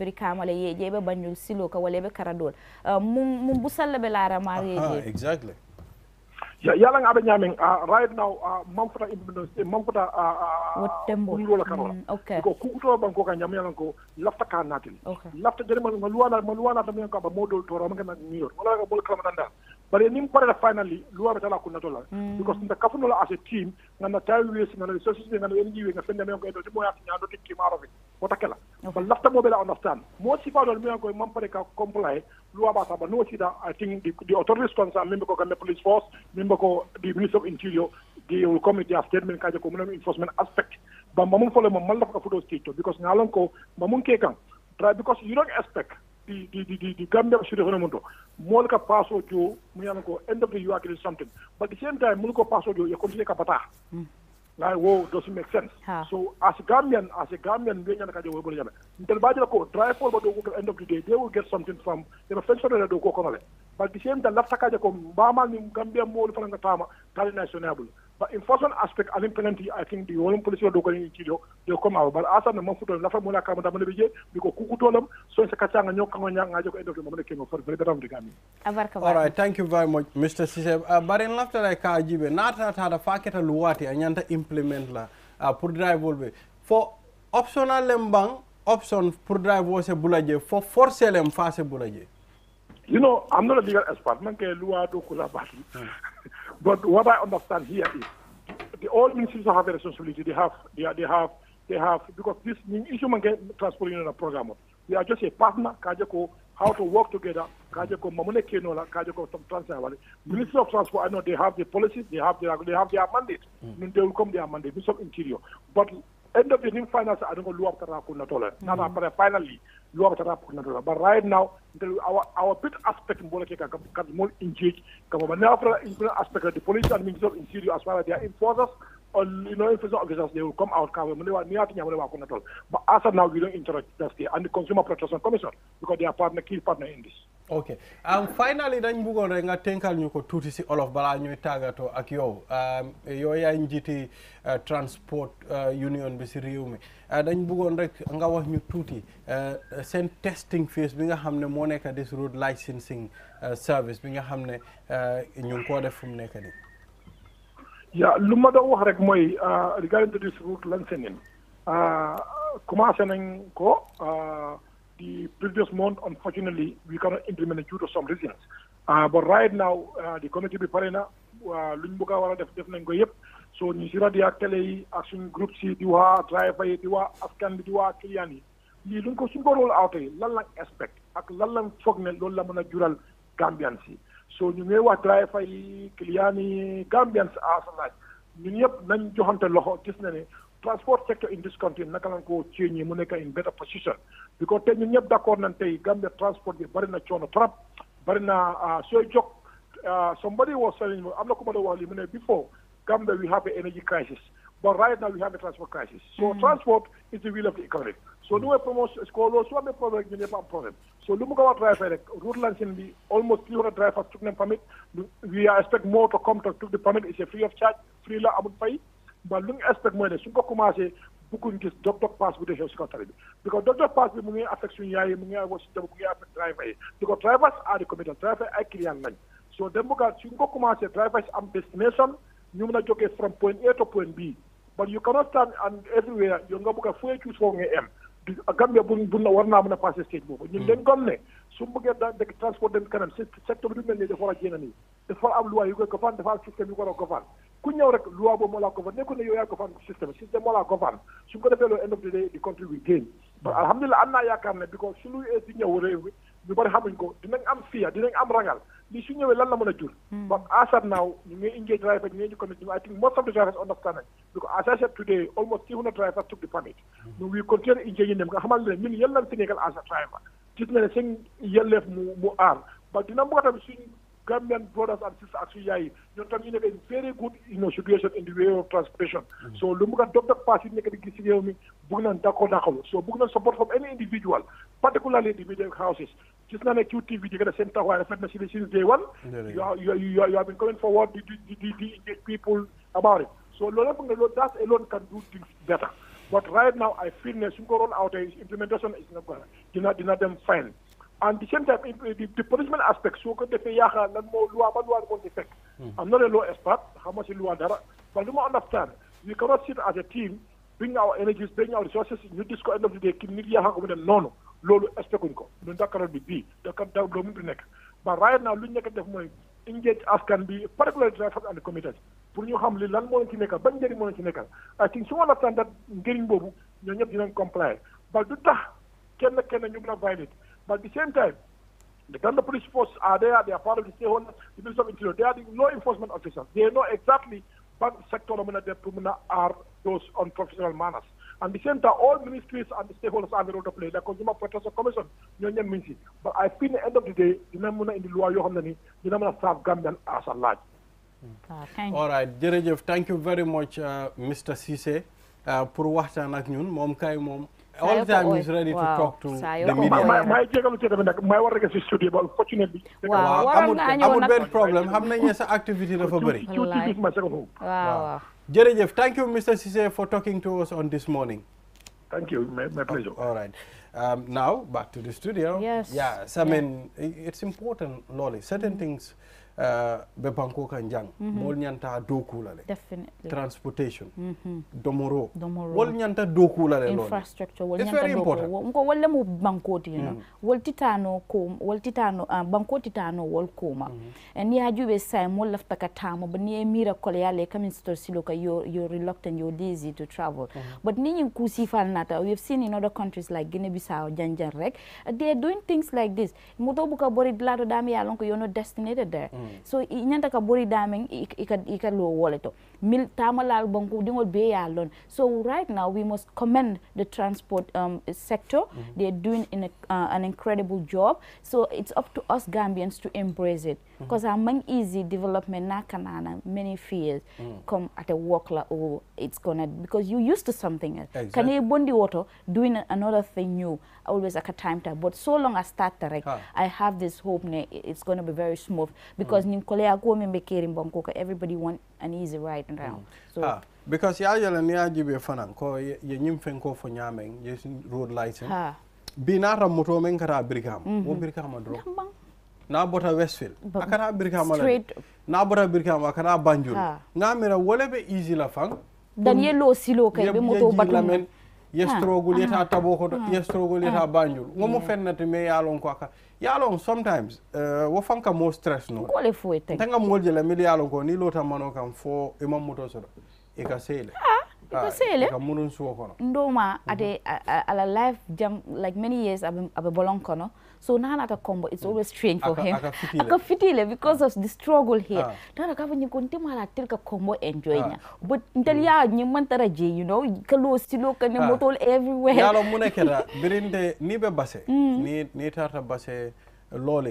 be banjul silo ka wala be karadol be Velara Marieji. exactly. Yeah, yala nga aɓe ñamen uh, right now uh, manfota manfota uh, wottembo ɗurola karola mm, okay. ko kukutoɗo ɓan ko ka ñam yalan ko lafta ka natil okay. lafta jari ma luwana ma luwana tamien ko aɓa modol tora ma gana ñiyot wala ka bol kalamatanda in niŋ parata finally luwa be tala kunnato mm. because nta kafuno la as a team nga na tawi wesi nga na société nga na energy we nga fende men ko edo ti moya tinya do ti kimaro be wota kala ba lafta mo be understand mo si fa do men ko man pare ka comply luwa ba saba no si da i think the, the authorities concerned member ko gambe police force member ko the minister of interior they will come with their statement kaje ko mun enforcement aspect ba mamun fole mo man lafa ka fudo state because ngalon ko mamun ke kan because you don't expect di, di, di, di, di Gambia Studio Renamento, Molka Paso Jo, Mianko, end of you year, something. But the same time, Mulko Paso Jo, you ya continue Kapata. Mm. Like, whoa, doesn't make sense. So as a Gambian, as a Gambian, we are not going to be aku to try for the end of the day, they will get something from the reflection of the Dokokonale. But the same time, Lafsakaja, Bama, Gambia, Mol, Frangatama, Tali National. But enforcement aspect, I think penalty, I think the only policy are a Kachanga, Nyokanga, Najo, end of the moment came for the better of the Gami. All right, thank you very much, Mr. Sise. Uh, but in a packet uh, a bulaje, force lem fast a bulaje. You know, I'm not a legal expert, man, Lua do Kulabati. Hmm. But what I understand here is the all ministries have a responsibility. They have, they, they have, they have, because this issue get transport union program. We are just a partner, Kajako, how to work together, Kajako Mamune Kenola, Kajako Transport. Ministry of Transport, I know they have the policies, they have their, they have their mandate. Mm. They will come their mandate, Ministry of Interior. But end of the new finals, I don't go lower tara at all. Now after finally lower tara at all. But right now, our our big aspect in ke is more engaged. now for the after aspect the police and minister in Syria as well as their enforcers or you know enforcement officers they will come out kawe mune wa niati nyamule wa kuna tola. But as of now we don't interact that's the and the Consumer Protection Commission because they are partner key partner in this. ok am um, finally dañ bëggoon rek nga tënkal ñu ko tuuti si olof balaa ñuy tàggatoo ak yow um, yow yaay njiiti uh, transport uh, union bi si réew mi uh, dañ bëggoon rek nga wax ñu tuuti seen testing phase bi nga xam ne moo nekk dis road licensing service bi nga xam ne ñu ngi koo def fu mu nekk nii. yaa lu ma doon wax rek mooy regarding this road licensing commencé nañ ko. the previous month, unfortunately, we cannot implement due to some reasons. Uh, but right now, uh, the committee bi pare na uh, luñ bëgg a def def nañ ko yëpp so ñu si rajo ak télé yi ak suñ groupe si di waa driver yi di waa askan bi di waa client yi lii luñ ko suñ ko rool awte lan lañ expect ak lan lañ foog ne loolu la mën a jural Gambians yi so ñu ngi wax driver yi client yi Gambians as laaj ñun yëpp nañ joxante loxo gis na ne transport sector in this country naka lañ ko ceeñee mu nekk in better position because tey ñun ñëpp d'accord nañ tey Gambia transport bi bari na coono trop bari na ah, sooy ah, somebody was telling me am not ku ma doon wax lii mu ne before Gambe we have an energy crisis but right now we have a transport crisis so hmm. transport is the wheel of the economy so lu hmm. may promote ko loolu su amee problème ñu ñëpp problème so lu mu ko war driver rek route lancing bi almost three hundred drivers took nañ permit we expect more to come to took the permit it's a free of charge free la amul fay ba lu ñu expect mooy ne suñ ko commencé bëgguñ gis dog dog pass bu dee xew si kaw tali bi bi ko dog dog pass bi mu ngi affect suñu yaay yi mu ngi affect suñu mu ngi affect driver yi di ko drivers are the committal driver ay client lañ so dem bëgga suñ ko commencé drivers am destination ñu mën a jógee from point A to point B but you cannot stand and everywhere yow nga bëgg a fooy cuus foofu ngay am du Gambia bu bu war naa mën a passé stage boobu ñun mm. dañ gom ne su bëggee da dëkk transport dem kanam secteur bi du mel nii dafa war a jéem a nii dafa am loi yu koy gofaan dafa am système yu ko war a gofaan ku ñëw rek loi boobu moo laa ko fa nekkul ne yow yaa ko fa système système moo laa ko fa su ko end of the day di contribute gain ba mm. alhamdulilah am naa yaakaar ne bi ko su lu di ñëw réew mi ñu bari xamuñ ko dinañ am fiya dinañ am ragal li su ñëwee lan la mën a jur but mm. as of now ñu ngi engage drivers ñu ngi commit I think most of the drivers understand it because today almost three hundred drivers took the permit ñu ngi continuer Gambian brothers and sisters ak you know, tam ñu nekk very good you know situation in the way of transportation mm-hmm. so lu mu doctor dog dog pass yi nekk di gis ci réew mi bëgg so bëgg nañ support from any individual particularly the media houses Just naa ne QTV you get a seen taxawaay rafet na si since day one you have been coming forward to the, people about it so that alone can do things better but right now I feel ne suñ out implementation is not gonna do dina dem fine at the same time the punishment aspect soo ko defee yaakaar lan moo loi ba loi moo ñu fekk am na xam nga si loi dara but you must understand we cannot sit as a team bring our energies bring our resources ñu dis ko end of the day ki nit yaakaar ko mu dem noonu loolu expectuñ ko loolu that cannot be bii that can that loolu mënut nekk but right now lu nekk def mooy engage askan bi particularly drivers and committees pour ñu xam li lan moo leen ci nekkal ban njëriñ moo I think su ma la tànn njëriñ boobu ñoo ñëpp dinañ comply ba du tax kenn kenn ñu mën a violate But at the same time, the Ganda police force are there, they are part of the stakeholders, the Minister of Interior, they are the law enforcement officers. They know exactly what sector dominant they are those unprofessional manners. And the same time, all ministries and the stakeholders are the role to play. The Consumer Protection Commission, Nyonya Minsi. But I feel at the end of the day, the Namuna in the Lua Yohamani, the Namuna serve Gambian as a large. Ah, all right, Jerejef, thank you very much, uh, Mr. Sise, uh, pour waxtaan ak ñun moom all the time he's ready to talk to the media may jégalu ci tamit nag may war rek si studio but unfortunately waaw amul benn problème xam nañ ne sa activité dafa bëri waaw jërëjëf thank you Mr Cisse, for talking to us on this morning thank you my, my pleasure all right um, now back to the studio yes yeah so, I mean it's important Lolly certain mm-hmm. things Uh, be banko kan jang mol mhm. nyanta doku la le transportation mm -hmm. domoro domoro wol nyanta doku la le infrastructure wol nyanta doku ko wolle mu banko ti no mm. wol titano ko wol titano uh, banko titano wol koma mm -hmm. ya jube sai mol lafta ka tamo ba ni mira kol ya le kamin store silo ka yo yo reluctant yo dizzy to travel mm -hmm. but ni nyin ku sifal nata we have seen in other countries like Guinea Bissau janjan rek they are doing things like this muto buka bori dlado dami ya ko yo no destinated there mm -hmm so i ñanta ka bori dameng i ka luwo wole to So right now we must commend the transport um, sector. Mm -hmm. They're doing in a, uh, an incredible job. So it's up to us Gambians to embrace it. Mm-hmm. Because mm -hmm. among easy development, nakanana, many fears mm. come at a work like, oh, it's gonna, because you used to something else. Can you bondi water doing another thing new, always like a time tab But so long I start direct, huh. I have this hope ne, it's gonna be very smooth. Mm. Because mm. everybody want and easy right now. So ah, because ya yala ni aji be fanan ko ye nyim fen ko fo nyamen ye road lighting. Ha. Bi na ram moto men kara Birkham. Mm -hmm. Wo Birkham dro. Na bota Westfield. Akara Birkham la. Na bota Birkham akara Banjul. Ngamira wole be easy la fang. Dan ye lo silo kay be moto batum. Ah. Ye struggle ye ta tabo ko ye struggle ye ta Banjul. Wo mo fen na te me yalon ko akara ye sometimes uh, wo faŋ ka moo stress noo wo le foyi teŋ teŋ ka moolu je le minnu ye ko niŋ loota manoo kaŋ fo i maŋ muto soto i ka see le ah. ikosele ah, ka munun suwo kono ndoma mhm. ate ala life jam like many years abe abe bolon kono so nana ata combo it's always mm. strange for him akafitile because of the struggle here tara ah. kafa nyi kon timala tirka combo enjoy ah. nya but ntalia mm. nyi man tara je you know loole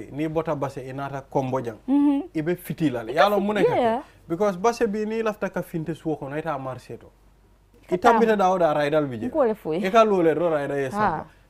ah. mm. ni bota base i naata kombo jang mm-hmm. i be fitilale ye a mu ne kake because base bi ni i lafita ka finte suo kono ita marché to i tambita daa wo daa raydal bi i ka loole do rayda ye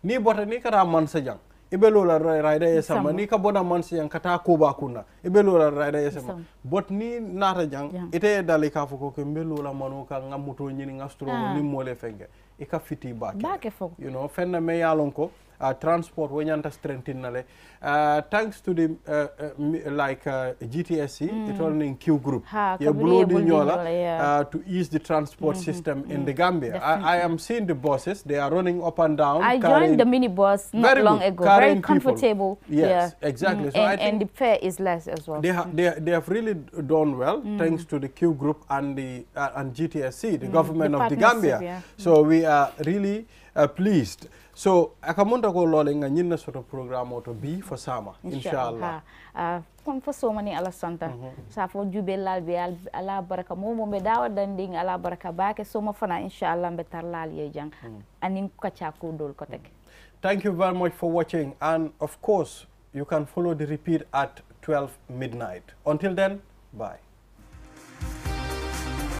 ni kata mansa jang ibe lola rayda yesama ni ka bona mansi yang kata ko ba kunna ibe lola rayda yesama bot ni nata jang yeah. ite dali ka fuko ko ibe manu ka ngamuto nyini ngastro ah. ni mole fenge ika fiti ba ke you know fenna me yalon ko Uh, transport wo ñanta strengthin le uh, thanks to the uh, like GTSC mm. it in Q group ye blow di ñola to ease the transport mm-hmm. mm -hmm. system mm. in the Gambia I, I, am seeing the buses they are running up and down I joined the minibus not long ago very comfortable yes yeah. exactly mm, so and, and the fare is less as well they, ha they, they have really done well mm. thanks to the Q group and the uh, and GTSC the mm, government the of the Gambia yeah. so we are really uh, pleased so akamunda ko lolenga ñinna soto programme o to bi fo sama inchallah uh, kon fo somani ala santa mm -hmm. sa fo jube lal be ala baraka mo mo be dawa danding ala baraka baake soma fana inchallah be tar lal ye jang mm. anin kacha ko dol ko tek mm. thank you very much for watching and of course you can follow the repeat at 12 midnight until then bye